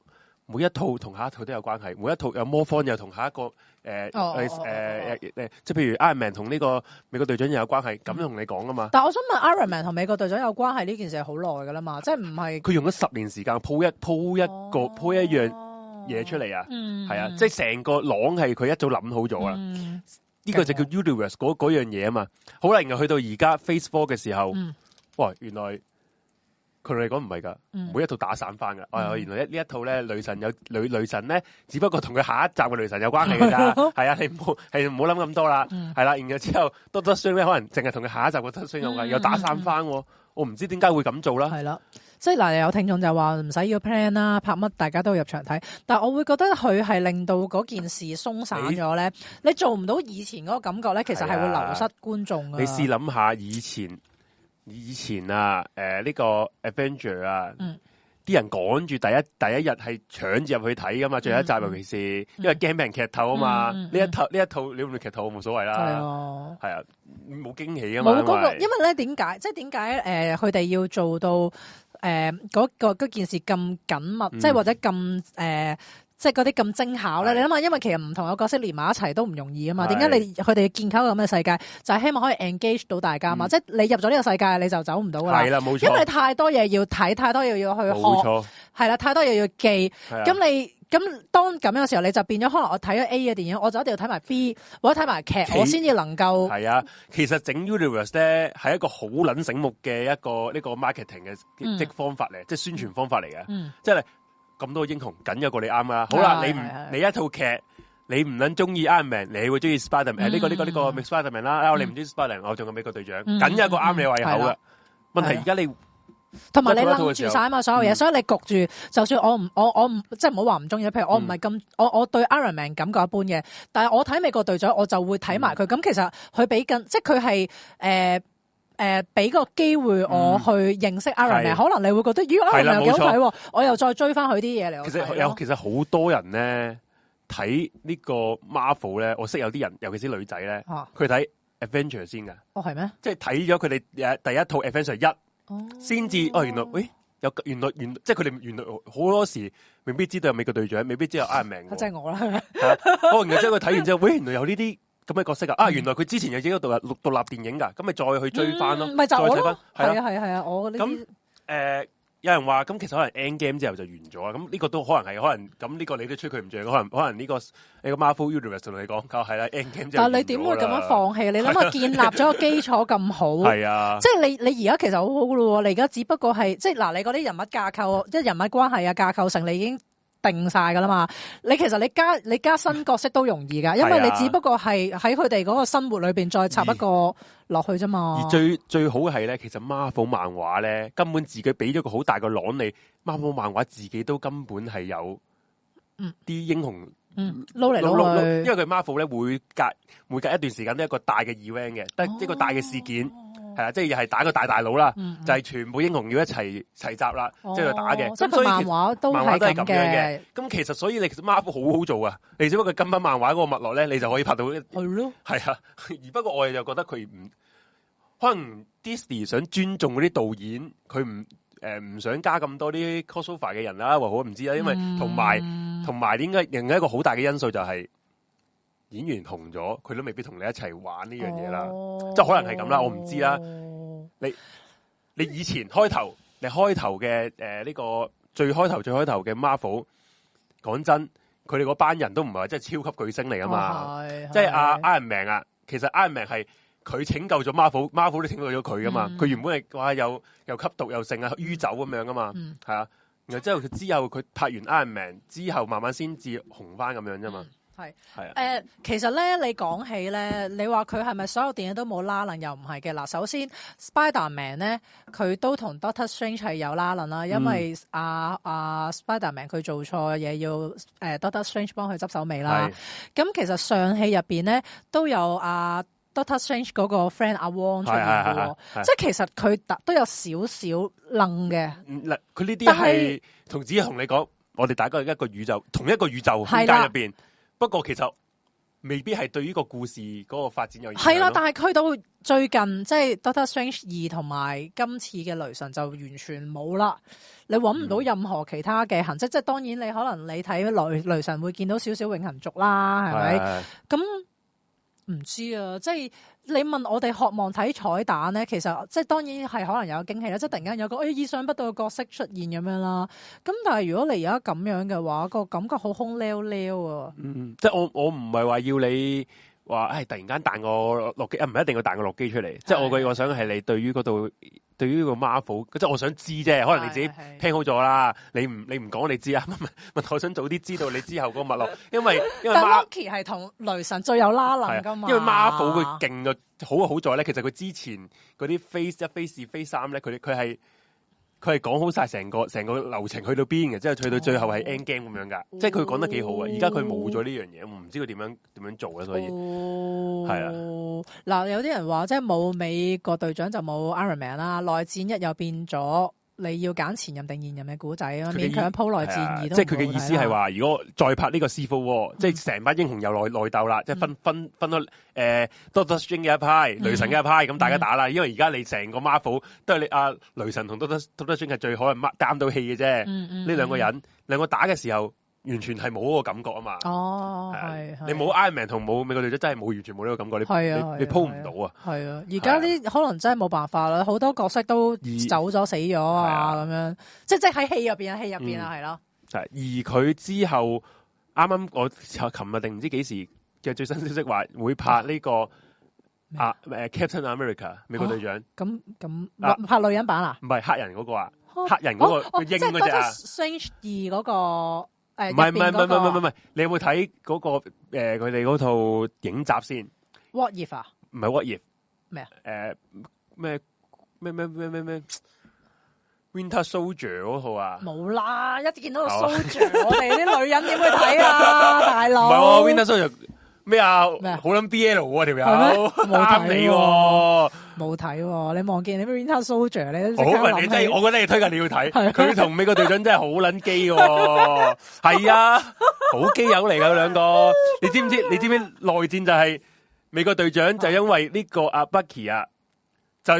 每一套同下一套都有關係，每一套有魔方又同下一個，誒、欸，誒、oh, 欸，誒，即係譬如 Iron Man 同呢個美國隊長又有關係，咁同你講啊嘛、嗯。但我想問 Iron Man 同美國隊長有關係呢件事係好耐㗎啦嘛，即係唔係，佢用咗十年時間鋪一鋪一個鋪、oh, 一樣嘢出嚟、uh. 啊？係、嗯、啊，即係成個網係佢一早諗好咗啊，呢、uh. 個就叫 Universe 嗰樣嘢啊嘛。好難㗎，去到而家 Phase Four 嘅時候，哇，原來。佢嚟講唔係噶，每一套打散翻噶。我原來呢一套咧，女神有女女神咧，只不過同佢下一集嘅女神有關係噶咋。係 啊，你唔好，你唔好諗咁多啦。係、嗯、啦，然後之後，多得多聲可能淨係同佢下一集嘅得聲有關，又打散翻。嗯嗯嗯我唔知點解會咁做啦。係啦，即係嗱、呃，有聽眾就話唔使要 plan 啦，拍乜大家都入場睇。但我會覺得佢係令到嗰件事鬆散咗咧。你，你做唔到以前嗰個感覺咧，其實係會流失觀眾、哎、你試諗下以前。以前啊，誒、呃、呢、這個 Avenger 啊，啲、嗯、人趕住第一第一日係搶住入去睇噶嘛，最後一集尤其是、嗯、因為驚俾人劇透啊嘛，呢、嗯嗯嗯、一套呢一套你會唔會劇透冇所謂啦，係、哦、啊，冇驚喜啊嘛，冇嗰、嗰個，因為咧點解，即係點解誒，佢、呃、哋要做到誒嗰個嗰件事咁緊密，即、嗯、係或者咁誒。呃即係嗰啲咁精巧咧，你諗下，因為其實唔同嘅角色連埋一齊都唔容易啊嘛。點解你佢哋建構咁嘅世界，就係希望可以 engage 到大家嘛？嗯、即係你入咗呢個世界，你就走唔到噶啦。係啦，冇錯。因為你太多嘢要睇，太多嘢要去學，冇錯，係啦，太多嘢要記。咁你咁當咁樣嘅時候，你就變咗可能我睇咗 A 嘅電影，我就一定要睇埋 B 或者睇埋劇，我先至能夠。係啊，其實整 universe 咧係一個好撚醒目嘅一個呢、呢個 marketing 嘅即方法嚟，嗯、即係宣傳方法嚟嘅。嗯、即係咁多英雄，緊一個你啱啦。好啦，啊、你唔你一套劇，你唔撚中意 Iron Man，你會中意 Spider Man。呢個呢、這個呢、這個 Spider Man 啦，你、嗯、我哋唔中意 Spider Man，我仲有美國隊長，緊一個啱你胃口嘅問題。而家你同埋你攬住晒啊嘛，所有嘢，所以你焗住。就算我唔我我唔即係唔好話唔中意，譬如我唔係咁我我對 Iron Man 感覺一般嘅，但係我睇美國隊長，我就會睇埋佢。咁、嗯、其實佢畀緊即係佢係誒。呃誒、呃，俾個機會我去認識 Iron Man，嗯、可能你會覺得咦，Iron Man 幾好睇喎！我又再追返佢啲嘢嚟。其實有，哦、其實好多人呢，睇呢個 Marvel 呢，我識有啲人，尤其是女仔呢，佢、啊、睇 Adventure 先㗎。哦，係咩？即係睇咗佢哋第一套 Adventure 一，先至哦，哦，原來誒、哎、原來原即係佢哋原來好多時未必知道有美國隊長，未必知道 Iron Man。即係我啦，係啊！我 原來真睇完之後，喂，原來有呢啲。咁嘅角色啊！啊，原來佢之前有影咗獨立獨立電影噶，咁咪再去追翻咯，咪、嗯、就係啊係啊係啊，我呢啲。咁誒、呃，有人話咁其實可能 Endgame 之後就完咗，咁呢個都可能係可能，咁呢個你都吹佢唔住，可能可能呢、這個你個、欸、Marvel Universe 同你講，係啦 Endgame。但你點會咁樣放棄？你諗下建立咗個基礎咁好，係 啊，即係你你而家其實好好噶咯，你而家只不過係即係嗱，你嗰啲人物架構，即係人物關係啊，架構成你已經。定晒噶啦嘛，你其實你加你加新角色都容易噶，因為你只不過係喺佢哋嗰個生活裏邊再插一個落去啫嘛。而最最好係咧，其實 Marvel 漫畫咧根本自己俾咗個好大個囊你，Marvel 漫畫自己都根本係有嗯啲英雄嗯撈嚟撈去因為佢 Marvel 咧會隔每隔一段時間都有一個大嘅 event 嘅、哦，得一個大嘅事件。係啊，即係又係打個大大佬啦、嗯，就係、是、全部英雄要一齊齊集啦，即係打嘅。即係漫畫都係咁嘅。咁、嗯、其實所以你其實 Marvel 好好做啊，你只不過金粉漫畫嗰個脈絡咧，你就可以拍到。係啊，而不過我哋就覺得佢唔，可能 Disney 想尊重嗰啲導演，佢唔誒唔想加咁多啲 coser 嘅人啦、啊，或好唔知啦，因為同埋同埋點解另一個好大嘅因素就係、是。演員紅咗，佢都未必同你一齊玩呢、oh, 樣嘢啦，即係可能係咁啦，我唔知啦。你你以前開頭，你開頭嘅誒呢個最開頭最開頭嘅 Marvel，講真，佢哋嗰班人都唔係話即係超級巨星嚟噶嘛，即係阿 Iron Man 啊，其實 Iron Man 係佢拯救咗 Marvel，Marvel、mm. 都拯救咗佢噶嘛。佢原本係話有又吸毒又剩啊，酗酒咁樣噶嘛，係、mm. 啊。然後之後佢之後佢拍完 Iron Man 之後，慢慢先至紅翻咁樣啫嘛。Mm. 係，誒、呃，其實咧，你講起咧，你話佢係咪所有電影都冇拉楞？又唔係嘅嗱。首先，Spider Man 咧，佢都同 Doctor Strange 係有拉楞啦，因為啊、嗯、啊、啊 Spider Man 佢做錯嘢，要誒、呃、Doctor Strange 幫佢執手尾啦。咁其實上戲入邊咧都有啊 Doctor Strange 嗰個 friend 阿 Wong 出現嘅，即係其實佢都有少少楞嘅。嗱、嗯，佢呢啲係同己同你講，我哋大家一個宇宙，同一個宇宙世界入邊。不過其實未必係對於呢個故事嗰個發展有影響，啊。係啦，但係去到最近，即係《Doctor Strange》二同埋今次嘅《雷神》就完全冇啦。你搵唔到任何其他嘅痕跡。嗯、即係當然，你可能你睇《雷雷神》會見到少少永恒族啦，係咪？咁唔知啊，即係你問我哋渴望睇彩蛋咧，其實即係當然係可能有驚喜啦，即係突然間有個我、哎、意想不到嘅角色出現咁樣啦。咁但係如果你而家咁樣嘅話，個感覺好空溜溜啊。嗯，即係我我唔係話要你。話、哎、誒，突然間彈個洛基啊，唔一定要彈個洛基出嚟，是即係我個我想係你對於嗰度，對於個 Marvel，即係我想知啫。可能你自己聽好咗啦，你唔你唔講你知啊？問我想早啲知道你之後嗰個脈絡， 因為因為洛基係同雷神最有拉力噶嘛。因為 Marvel 佢勁啊，好嘅好在咧，其實佢之前嗰啲 Phase 一 Phase Phase 三咧，佢佢係。佢係講好晒成個成個流程去到邊嘅，即係去到最後係 end game 咁樣噶、哦，即係佢講得幾好啊！而家佢冇咗呢樣嘢，我唔知佢點樣點樣做嘅，所以哦，係啊。嗱、哦呃，有啲人話即係冇美國隊長就冇 Iron Man 啦，內戰一又變咗。你要揀前任定現任嘅古仔咯，勉強鋪內戰意即係佢嘅意思係話、啊、如果再拍呢個師傅，即係成班英雄又內內鬥啦，嗯、即係分分分咗誒，Doctor Strange 嘅一派，雷神嘅一派，咁、嗯、大家打啦。因為而家你成個 Marvel 都係你阿、啊、雷神同 Doctor Doctor Strange 係最好嘅孖擔到戲嘅啫，呢、嗯、兩、嗯嗯、個人兩個打嘅時候。完全係冇嗰個感覺啊嘛！哦，係、啊，你冇 Iron Man 同冇美國女仔，真係冇，完全冇呢個感覺。你係啊，你鋪唔到啊！係啊，而家啲可能真係冇辦法啦，好多角色都走咗、死咗啊，咁樣，即係即係喺戲入邊啊，戲入邊啊，係咯。係，而佢之後啱啱我琴日定唔知幾時嘅最新消息話會拍呢、這個啊，啊，啊 Captain America 美國隊長。咁、啊、咁、啊啊、拍女人版啊？唔係黑人嗰個啊，黑人嗰個個鷹個。唔係唔係唔係唔係唔係，你有冇睇嗰個誒，佢哋嗰套影集先？What If、呃、啊？唔係 What If 咩啊？誒，咩咩咩咩咩 Winter Soldier 嗰套啊？冇啦，一見到個 Soldier，、啊、我哋啲女人點會睇啊？大佬唔係喎，Winter Soldier。咩啊？好諗 BL 喎、啊，條友得你，冇睇喎。你望見你 Winter Soldier 咧？好，你真係，我覺得你推介你要睇。佢同美國隊長真係好撚基喎！係啊， 是啊 好基友嚟噶兩個 你知知。你知唔知？你知唔知內戰就係美國隊長就因為呢、這個阿 Bucky 啊，就。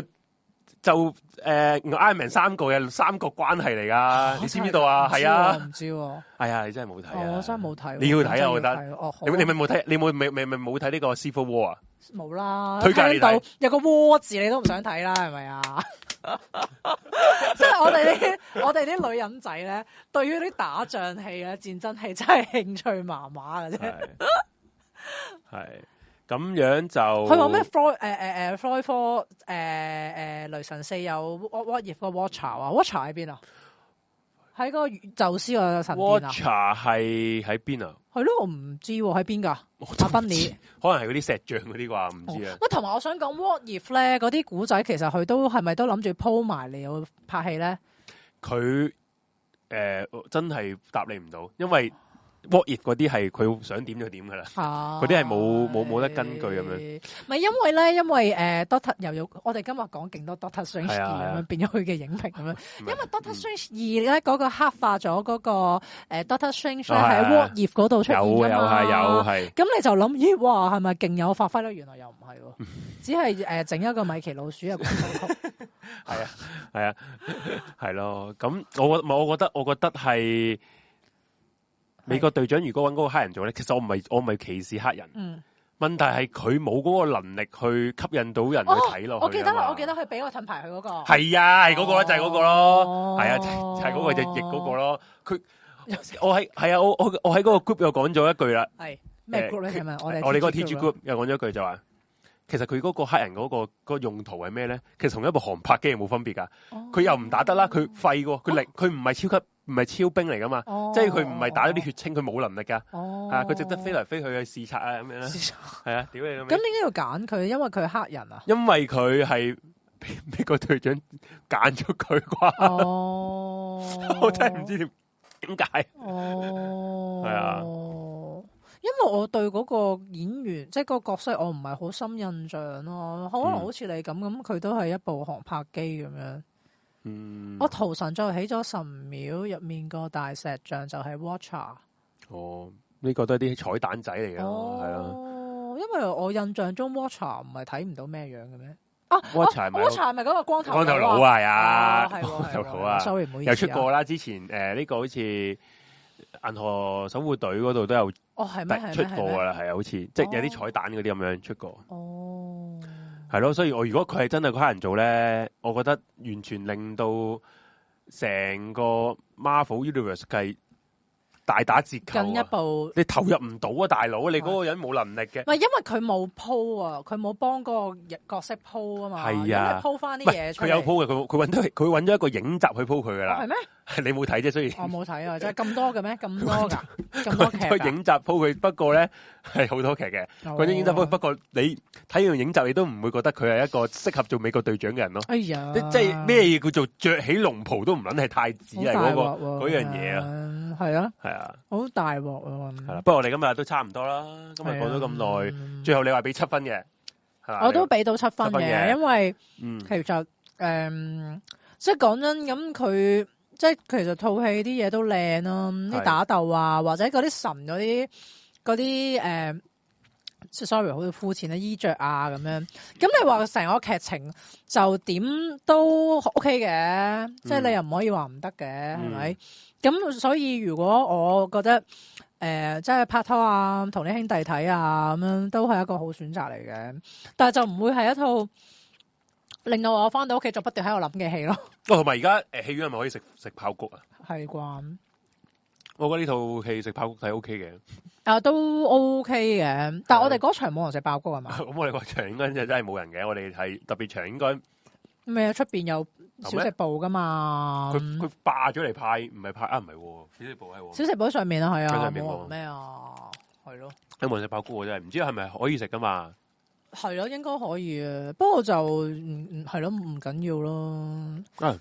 就誒 Iron Man 三個嘅三角關係嚟噶，你知唔知道啊？係啊，唔知喎、啊。係、哎啊，哦、啊，你真係冇睇。我真係冇睇。你要睇啊！我覺得。你你咪冇睇？你冇咪咪咪冇睇呢個《Civil War》啊？冇啦。推介你睇。有個 War 字，你都唔想睇啦，係咪啊？即係、啊、 我哋啲我哋啲女人仔咧，對於啲打仗戲咧、 戰爭戲真係興趣麻麻嘅啫。係。 咁樣就佢話咩？Froy 誒、欸、誒誒、欸欸、，Froy Four 誒、欸、誒，雷神四有 What t If 個 w a t 茶啊？What 喺邊啊？喺個宙斯嘅神殿 w a t r 係喺邊啊？係咯、啊，我唔知喎，喺邊噶？阿芬尼可能係嗰啲石像嗰啲啩，唔知啊、哦。同埋我想講 What If 咧，嗰啲古仔其實佢都係咪都諗住鋪埋嚟有拍戲咧？佢誒、呃、真係答你唔到，因為。沃葉嗰啲係佢想點就點噶啦，嗰啲係冇冇冇得根據咁樣。唔係因為咧，因為誒 Doctor 又有我哋今日講勁多 Doctor Strange 咁樣變咗佢嘅影評咁樣。因為 Doctor Strange 二咧嗰個黑化咗嗰、嗰個誒 Doctor Strange 咧喺沃葉嗰度出現啦。有係有係。咁你就諗咦哇，係咪勁有發揮咧？原來又唔係， 只係誒整一個米奇老鼠入去偷。係 啊係啊係咯。咁我我我覺得我覺得係。 美國隊長如果揾嗰個黑人做咧，其實我唔係我唔係歧視黑人。嗯，問題係佢冇嗰個能力去吸引到人去睇落去、哦。我記得，我記得係俾我盾牌佢嗰個。係啊，係嗰個就係、是、嗰個咯。係、哦、啊，就係嗰個就逆嗰個咯。佢、哦啊就是哦就是哦、我喺係啊，我我我喺嗰個 group 又講咗一句啦。係咩 group 呢？係、呃、咪我哋我哋嗰個 T G group 又講咗一句就話，其實佢嗰個黑人嗰、嗰個嗰個用途係咩咧？其實同一部航拍機有冇分別噶？佢、哦、又唔打得啦，佢廢個，佢力佢唔係超級。唔係超兵嚟噶嘛，哦、即係佢唔係打咗啲血清，佢、哦、冇能力噶，係、哦、啊，佢值得飛嚟飛去去視察啊咁樣咧，係啊，屌 你咁。咁你應該要揀佢，因為佢係黑人啊。因為佢係俾個隊長揀咗佢啩？我真係唔知點點解。哦，係、 哦、 啊，因為我對嗰個演員即係、就是、個角色，我唔係好深印象咯、啊，可能好似你咁咁，佢、嗯、都係一部航拍機咁樣。嗯，我屠神再起咗神廟入面個大石像就係 Watcher 哦，呢、這個都係啲彩蛋仔嚟噶，係、哦、啦。因為我印象中 Watcher 唔係睇唔到咩樣嘅咩？啊 Watcher，Watcher 係咪嗰個光頭光頭佬啊？係、啊啊啊、光頭佬啊？Sorry，唔、啊啊啊啊、好意思、啊。又出過啦，之前誒呢、呃這個好似銀河守護隊嗰度都有，哦係咩？出過噶啦，係啊，好似、哦、即係有啲彩蛋嗰啲咁樣出過。哦。係咯，所以我如果佢係真係個人做咧，我覺得完全令到成個 Marvel Universe 計，大打折扣，啊，你投入唔到啊，大佬，你嗰個人冇能力嘅。唔係因為佢冇鋪啊，佢冇幫嗰個角色鋪啊嘛。係啊，鋪翻啲嘢出嚟。佢有鋪嘅，佢佢搵到佢搵咗一個影集去鋪佢噶啦。係、哦、咩？你冇睇啫，所以我冇睇啊，就係咁多嘅咩？咁多噶？咁多劇？佢影集鋪佢，不過咧係好多劇嘅。嗰、哦、啲影集鋪，不過你睇完影集，你都唔會覺得佢係一個適合做美國隊長嘅人咯，哎。即係咩叫做着起龍袍都唔撚係太子啊嗰個嗰樣嘢啊？那個係啊，係啊，好大鑊啊！係啦、啊，不過我哋今日都差唔多啦，今日過咗咁耐，最後你話俾七分嘅、啊，我都俾到七分嘅，因為、嗯、其實誒、嗯，即係講真，咁佢即係其實套戲啲嘢都靚咯、啊，啲、啊、打鬥啊，或者嗰啲神嗰啲嗰啲誒，sorry，好似膚淺啊，衣着啊咁樣，咁你話成個劇情就點都 ok 嘅，嗯、即係你又唔可以話唔得嘅，係、嗯、咪？咁所以如果我覺得誒、呃、即係拍拖啊，同啲兄弟睇啊，咁樣都係一個好選擇嚟嘅。但係就唔會係一套令到我翻到屋企就不斷喺度諗嘅戲咯。哦，同埋而家誒，戲院係咪可以食食爆谷啊？係啩？我覺得呢套戲食爆谷睇 OK 嘅。啊，都 OK 嘅。但係我哋嗰場冇人食爆谷係嘛？咁、啊啊、我哋嗰場應該真係冇人嘅。我哋係特別場應該。咩？出邊有。小食部噶嘛？佢佢霸咗嚟派，唔係派啊，唔係小食部喺小食部上面啊，係啊，咩啊，係咯，啲雲石鮑菇啊，真係唔知係咪可以食噶嘛？係咯，應該可以嘅，不過就是係咯，唔緊要咯。嗯，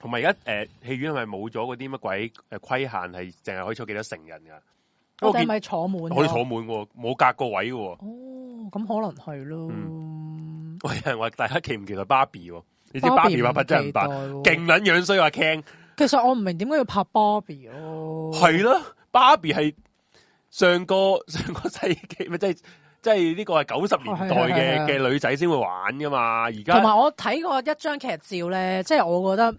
同埋而家誒，戲、啊呃、院係咪冇咗嗰啲乜鬼誒、呃、規限，係淨係可以坐幾多成人噶？我哋係咪坐滿？可以坐滿，冇隔個位嘅。哦，咁可能係咯。喂、嗯，係、哎、話大家期唔期待芭比？你知芭比娃娃真係唔扮，勁、啊、撚樣衰話傾。其實我唔明點解要拍芭比咯。係咯、啊，芭比係上個上個世紀，咪即係即係呢個係九十年代嘅嘅女仔先會玩噶嘛。而家同埋我睇過一張劇照咧，即、就、係、是、我覺得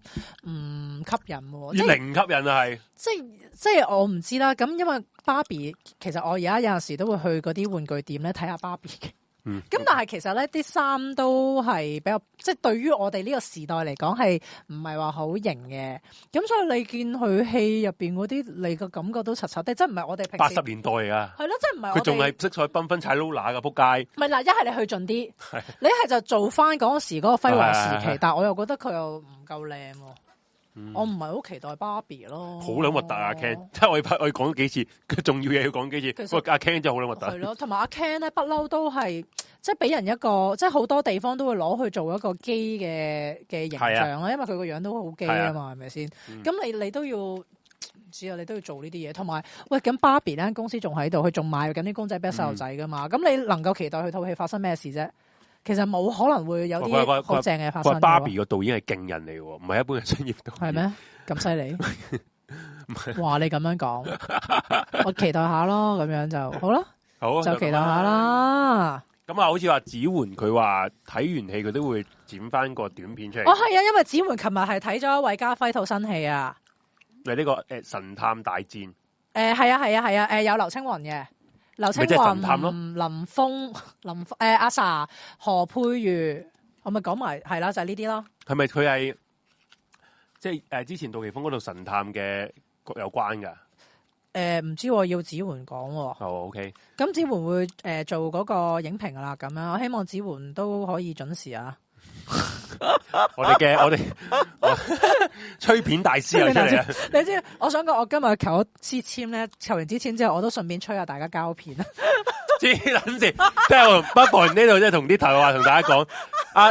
唔吸引，即係零吸引啊，係、就是。即係即係我唔知啦。咁因為芭比，其實我而家有陣時都會去嗰啲玩具店咧睇下芭比。看看咁、嗯、但係其實咧，啲衫都係比較，即係對於我哋呢個時代嚟講，係唔係話好型嘅。咁所以你見佢戲入邊嗰啲，你個感覺都實實啲，即係唔係我哋八十年代啊，係咯，即係唔係佢仲係色彩繽紛踩露娜噶撲街。唔係嗱，一係你去盡啲， 你係就做翻嗰時嗰個輝煌時期， 但係我又覺得佢又唔夠靚。嗯、我唔係好期待芭比咯，好撚核突啊！Ken，即係我已我已講咗幾次，佢重要嘢要講幾次。其實阿、啊、Ken 真係好撚核突。係咯，同埋阿 Ken 咧，不嬲都係即係俾人一個，即係好多地方都會攞去做一個基嘅嘅形象啦、啊，因為佢個樣都好基啊嘛，係咪先？咁、嗯、你你都要只有你都要做呢啲嘢。同埋喂，咁芭比咧公司仲喺度，佢仲賣緊啲公仔畀細路仔噶嘛？咁、嗯、你能夠期待佢套戲發生咩事啫？其實冇可能會有啲好正嘅發生嘅。個 Barbie 個導演係勁人嚟，唔係一般嘅專業導演是。係咩咁犀利？唔係 話你咁樣講， 我期待下咯，咁樣就好啦。好，就期待下啦。咁啊，好似話子媛佢話睇完戲佢都會剪翻個短片出嚟。哦，係啊，因為子媛琴日係睇咗韋家輝套新戲啊。你，欸，呢，這個誒《神探大戰》欸？誒，係啊，係啊，係啊，誒，啊啊啊，有劉青雲嘅。劉青雲、林峯、林誒、欸、阿 Sa 何佩瑜，我咪講埋係啦，就係呢啲咯是是是。係咪佢係即係誒？之前杜琪峰嗰度神探嘅有關噶？誒、呃，唔知我要子桓講哦。OK，咁子桓會誒、呃、做嗰個影評噶啦。咁樣，我希望子桓都可以準時啊。 我哋驚我哋吹片大師啊。你知？我想講，我今日求支簽咧，求完支簽之後，我都順便吹下大家膠片 我 我我家啊！黐撚綫，即係我唔不凡呢度，即係同啲台話同大家講，阿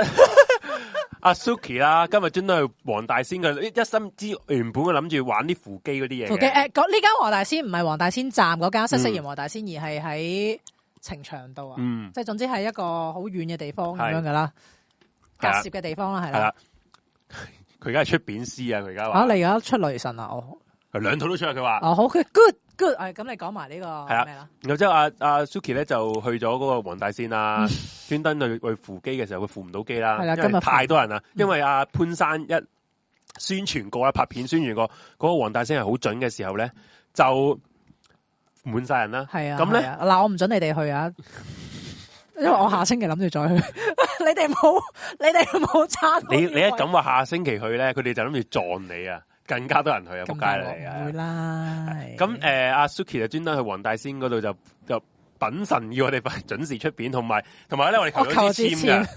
阿 Suki 啦，今日真係黃大仙嘅，一心之原本嘅諗住玩啲扶機嗰啲嘢。扶機誒，呢間黃大仙唔係黃大仙站嗰間嗇色園黃大仙，而係喺呈祥度啊。嗯、即係總之係一個好遠嘅地方咁樣噶啦。拍攝嘅地方啦，係啦、啊，佢而家係出扁師啊！佢而家話啊，你而家出雷神啦！我兩套都出，佢話哦好，good good，咁、啊、你講埋、這個啊、呢個係啦。然後之後阿阿 Suki 咧就去咗嗰個黃大仙啦，專 登去去扶機嘅時候，佢扶唔到機啦，今日、啊、太多人啦。因為阿、啊、潘山一宣傳過啦，嗯、拍片宣傳過，嗰、那個黃大仙係好準嘅時候咧，就滿晒人啦。係啊，咁咧嗱，我唔準你哋去啊。因為我下星期諗住再去， 你哋冇，你哋冇差。你你一咁話下星期去咧，佢哋就諗住撞你啊！更加多人去啊啦，仆街嚟啊！啦。咁誒，阿 Suki 就專登去黃大仙嗰度就就品神，要我哋準時出片，同埋同埋咧，我哋求 支簽嘅。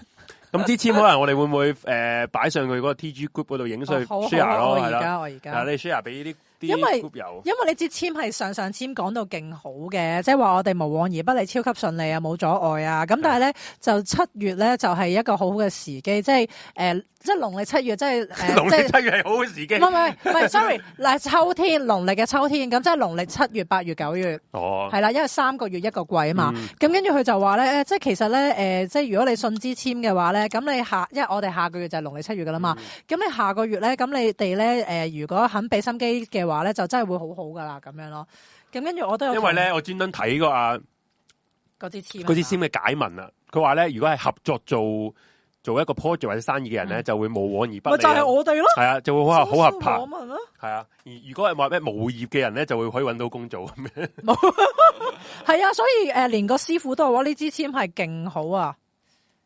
咁支簽可能我哋會唔會誒擺、呃、上去嗰個 TG Group 度影相 share 咯？而家我而家嗱，你 share 俾呢啲。因為因為你支簽係上上簽，講到勁好嘅，即係話我哋無往而不利，超級順利啊，冇阻礙啊。咁但係咧，就七月咧就係一個好好嘅時機，即係誒。即係農曆七月，即係農曆七月係好嘅時機。唔係唔係唔係，sorry，嗱，秋天，農曆嘅秋天，咁即係農曆七月、八月、九月。哦，係啦，因為三個月一個季啊嘛。咁跟住佢就話咧，即係其實咧，誒、呃，即係如果你信支簽嘅話咧，咁你下，因為我哋下個月就係農曆七月噶啦嘛。咁、嗯、你下個月咧，咁你哋咧，誒、呃，如果肯俾心機嘅話咧，就真係會好好噶啦，咁樣咯。咁跟住我都有因為咧，我專登睇過啊嗰支簽，嗰支簽嘅解文啊，佢話咧，如果係合作做。做一個 project 或者生意嘅人咧，就會無往而不利、嗯。咪就係我哋咯。係啊，就會好合好合拍。我問咯，係啊。而如果係話咩無業嘅人咧，就會可以搵到工作。咁樣。冇 係 啊，所以誒、呃，連個師傅都話呢支簽係勁好啊。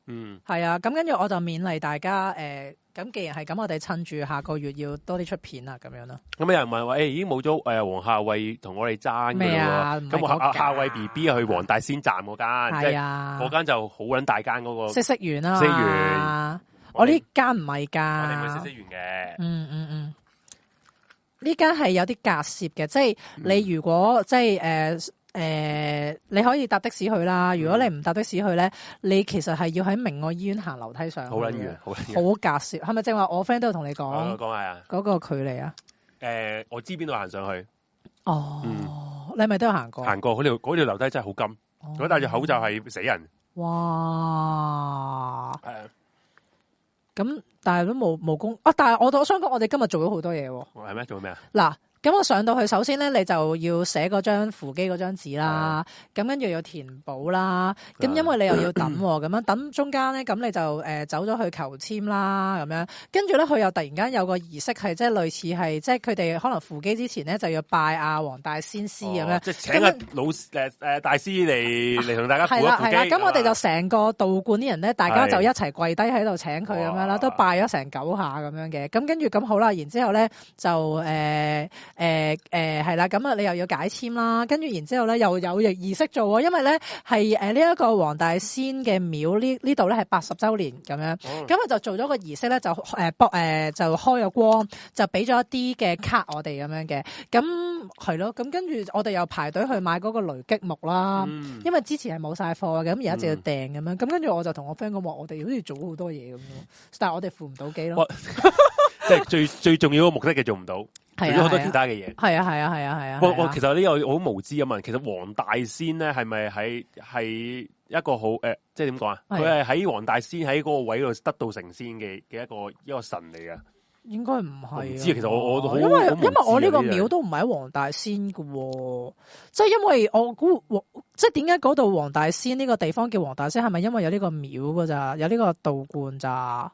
嗯，係啊，咁跟住我就勉勵大家，誒、呃，咁既然係咁，我哋趁住下個月要多啲出片啦咁樣咯。咁、嗯、有人問話，誒、哎，已經冇咗誒，黃孝偉同我哋爭嘅啦、啊那個啊。啊？咁我阿孝偉 B B 去黃大仙站嗰間，即係嗰間就好撚大間嗰個。食食員啦，食員，我呢間唔係噶，我哋唔係食食員嘅。嗯嗯嗯，呢間係有啲隔涉嘅，即係你如果、嗯、即係誒。呃誒、呃，你可以搭的士去啦。如果你唔搭的士去咧，你其實係要喺明愛醫院行樓梯上。好捻遠，好捻遠。好隔絕，係咪正話我 friend 都有同你講、哦？講係啊。嗰、那個距離啊？誒、呃，我知邊度行上去。哦，嗯、你係咪都有行過？行過嗰條嗰條樓梯真係好金。如、哦、果戴住口罩係死人。哇！係、嗯、啊。咁、嗯、但係都冇冇功啊！但係我我想講，我哋今日做咗好多嘢。係咩？做咩啊？嗱。咁我上到去，首先咧你就要寫嗰張扶機嗰張紙啦，咁跟住要填補啦。咁、嗯、因為你又要等喎，咁樣等中間咧，咁你就、呃、走咗去求籤啦，咁樣跟住咧佢又突然間有個儀式，係即係類似係即係佢哋可能扶機之前咧就要拜阿黃大仙師咁樣，即係請阿老誒、呃、大師嚟嚟同大家扶扶。係啦係啦，咁、啊啊、我哋就成個道觀啲人咧，大家就一齊跪低喺度請佢咁樣啦，都拜咗成九下咁樣嘅。咁跟住咁好啦，然之後咧就、呃誒誒係啦，咁、呃、啊你又要解籤啦，跟住然之後咧又有儀式做，因為咧係誒呢一個黃大仙嘅廟呢，呢度咧係八十周年咁樣，咁啊就做咗個儀式咧就誒個誒就開咗光，就俾咗一啲嘅卡我哋咁樣嘅，咁係咯，咁跟住我哋又排隊去買嗰個雷擊木啦，因為之前係冇晒貨嘅，咁而家就要訂咁、嗯、樣，咁跟住我就同我 friend 講話，我哋好似做好多嘢咁樣，但係我哋付唔到機咯。 即 係最最重要嘅目的嘅做唔到，做咗好多其他嘅嘢。係啊，係啊，係啊，係啊。我我其實呢個好無知啊嘛。其實黃大仙咧係咪喺係一個好誒、呃，即係點講啊？佢係喺黃大仙喺嗰個位度得到成仙嘅嘅一個一個，一個神嚟啊？應該唔係。唔知啊，其實我我都好，因為因為我呢個廟都唔係喺黃大仙噶、哦，即係因為我估即係點解嗰度黃大仙呢、呢個地方叫黃大仙？係咪因為有呢個廟噶咋？有呢個道觀咋？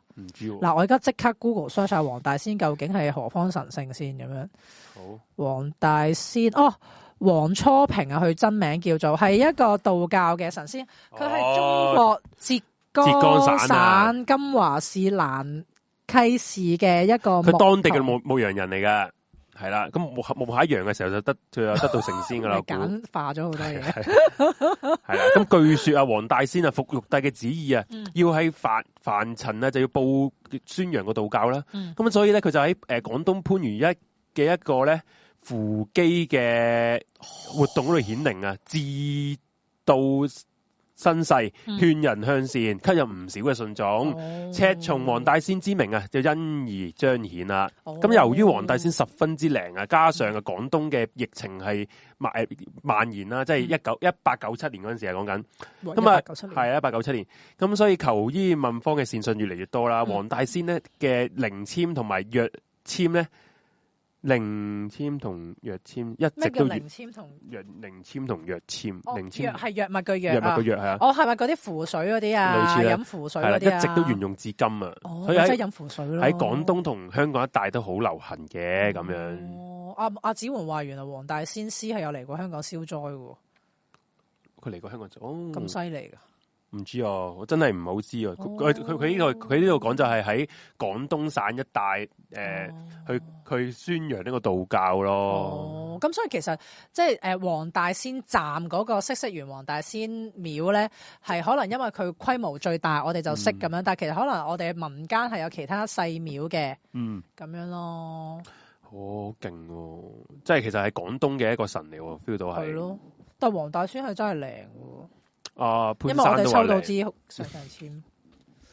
嗱，啊、我而家即刻 Google search 下黃大仙究竟係何方神聖先咁樣？好，黃大仙哦，黃初平啊，佢真名叫做，係一個道教嘅神仙，佢係中國、哦、浙江省金華市蘭溪市嘅一個，佢當地嘅牧牧羊人嚟噶。.係啦，咁木木一樣嘅時候就得，就得到成仙噶啦， 簡化咗好多嘢。係啦，咁 據說啊，黃大仙啊，伏玉帝嘅旨意啊、嗯，要喺凡凡塵啊，就要報宣揚個道教啦。咁、嗯、所以咧，佢就喺誒廣東番禺一嘅一個咧，扶基嘅活動嗰度顯靈啊，至到。身世勸人向善，吸引唔少嘅信眾、哦。赤松黃大仙之名啊，就因而彰顯啦。咁、哦、由於黃大仙十分之靈啊，加上啊廣東嘅疫情係蔓延啦、嗯，即係一九一八九七年嗰陣時係講緊，咁啊係一八九七年，咁、嗯、所以求醫問方嘅善信越嚟越多啦。黃大仙呢嘅靈簽同埋藥簽咧，靈簽同藥簽一直都靈簽同藥靈簽同藥簽靈簽係藥物嘅藥藥物嘅藥係啊，哦，係咪嗰啲符水嗰啲啊？類似飲符水係啦，一直都沿、哦啊啊哦啊啊、用至今啊！即係飲符水咯，喺廣東同香港一帶都好流行嘅咁、哦、樣。阿、啊、阿、啊、子桓話，原來黃大仙師係有嚟過香港消災嘅。佢嚟過香港就哦咁犀利噶。唔知啊，我真係唔好知啊。佢佢呢度佢呢度講就係喺廣東省一帶誒、呃哦，去去宣揚呢個道教咯。哦，咁所以其實即係誒黃大仙站嗰個嗇色園黃大仙廟咧，係可能因為佢規模最大，我哋就識咁樣。嗯、但係其實可能我哋民間係有其他細廟嘅，嗯，咁樣咯。好、哦、勁、啊、即係其實係廣東嘅一個神嚟，feel 到係。係咯，但係黃大仙係真係靚喎。啊！因為我哋抽到支水帝簽，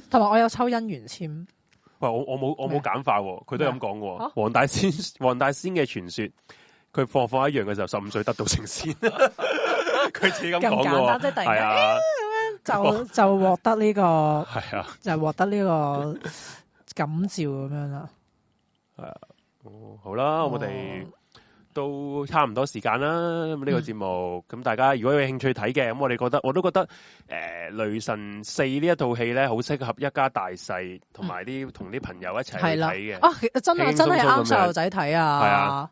同 埋我有抽姻緣簽。喂，我我冇我冇簡化，佢都咁講嘅。黃大仙黃大仙嘅傳說，佢放一放一樣嘅時候，十五歲得到成仙。佢 自己咁講咁簡單啫，突然間咁樣就就獲得呢個係啊，就獲得呢個感召咁樣啦。係啊，好啦，我哋。都差唔多時間啦，咁呢個節目、嗯，咁大家如果有興趣睇嘅，咁我哋覺得，我都覺得，誒、呃，《雷神四》呢一套戲咧，好適合一家大細同埋啲同啲朋友一齊去睇嘅。嗯、啊，真係真係啱細路仔睇啊，係啊，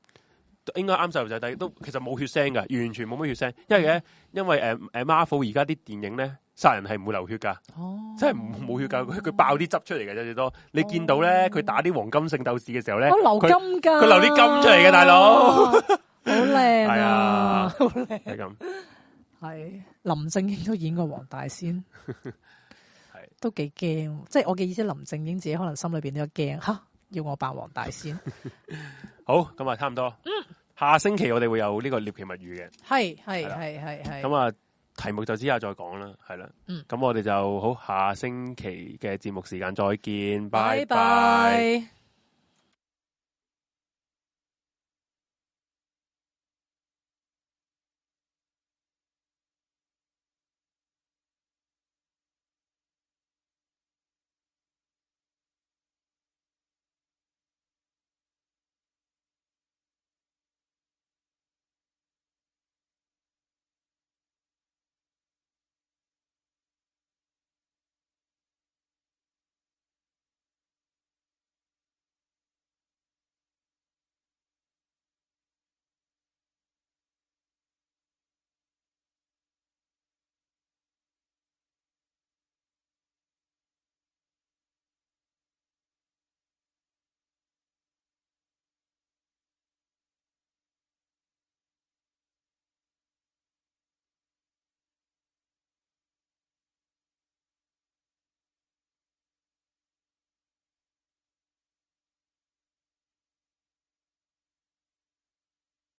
應該啱細路仔睇，都其實冇血腥噶，完全冇乜血腥，因為咧，嗯、因為誒誒，啊《Marvel》而家啲電影咧。殺人係唔會流血噶、哦，真係唔冇血噶，佢爆啲汁出嚟嘅最多。你見到咧，佢、哦、打啲黃金聖鬥士嘅時候咧、啊哦 啊哎，好流金噶，佢流啲金出嚟嘅，大佬好靚啊，好靚。係咁，係林正英都演過黃大仙，係 都幾驚。即、就、係、是、我嘅意思，林正英自己可能心裏邊都有驚嚇，要我扮黃大仙。 好，咁啊，差唔多。下星期我哋會有呢個《獵奇物語》嘅，係係係係係。咁啊。是題目就之後再講啦，係啦，咁、嗯、我哋就好，下星期嘅節目時間再見，拜拜，拜拜拜拜。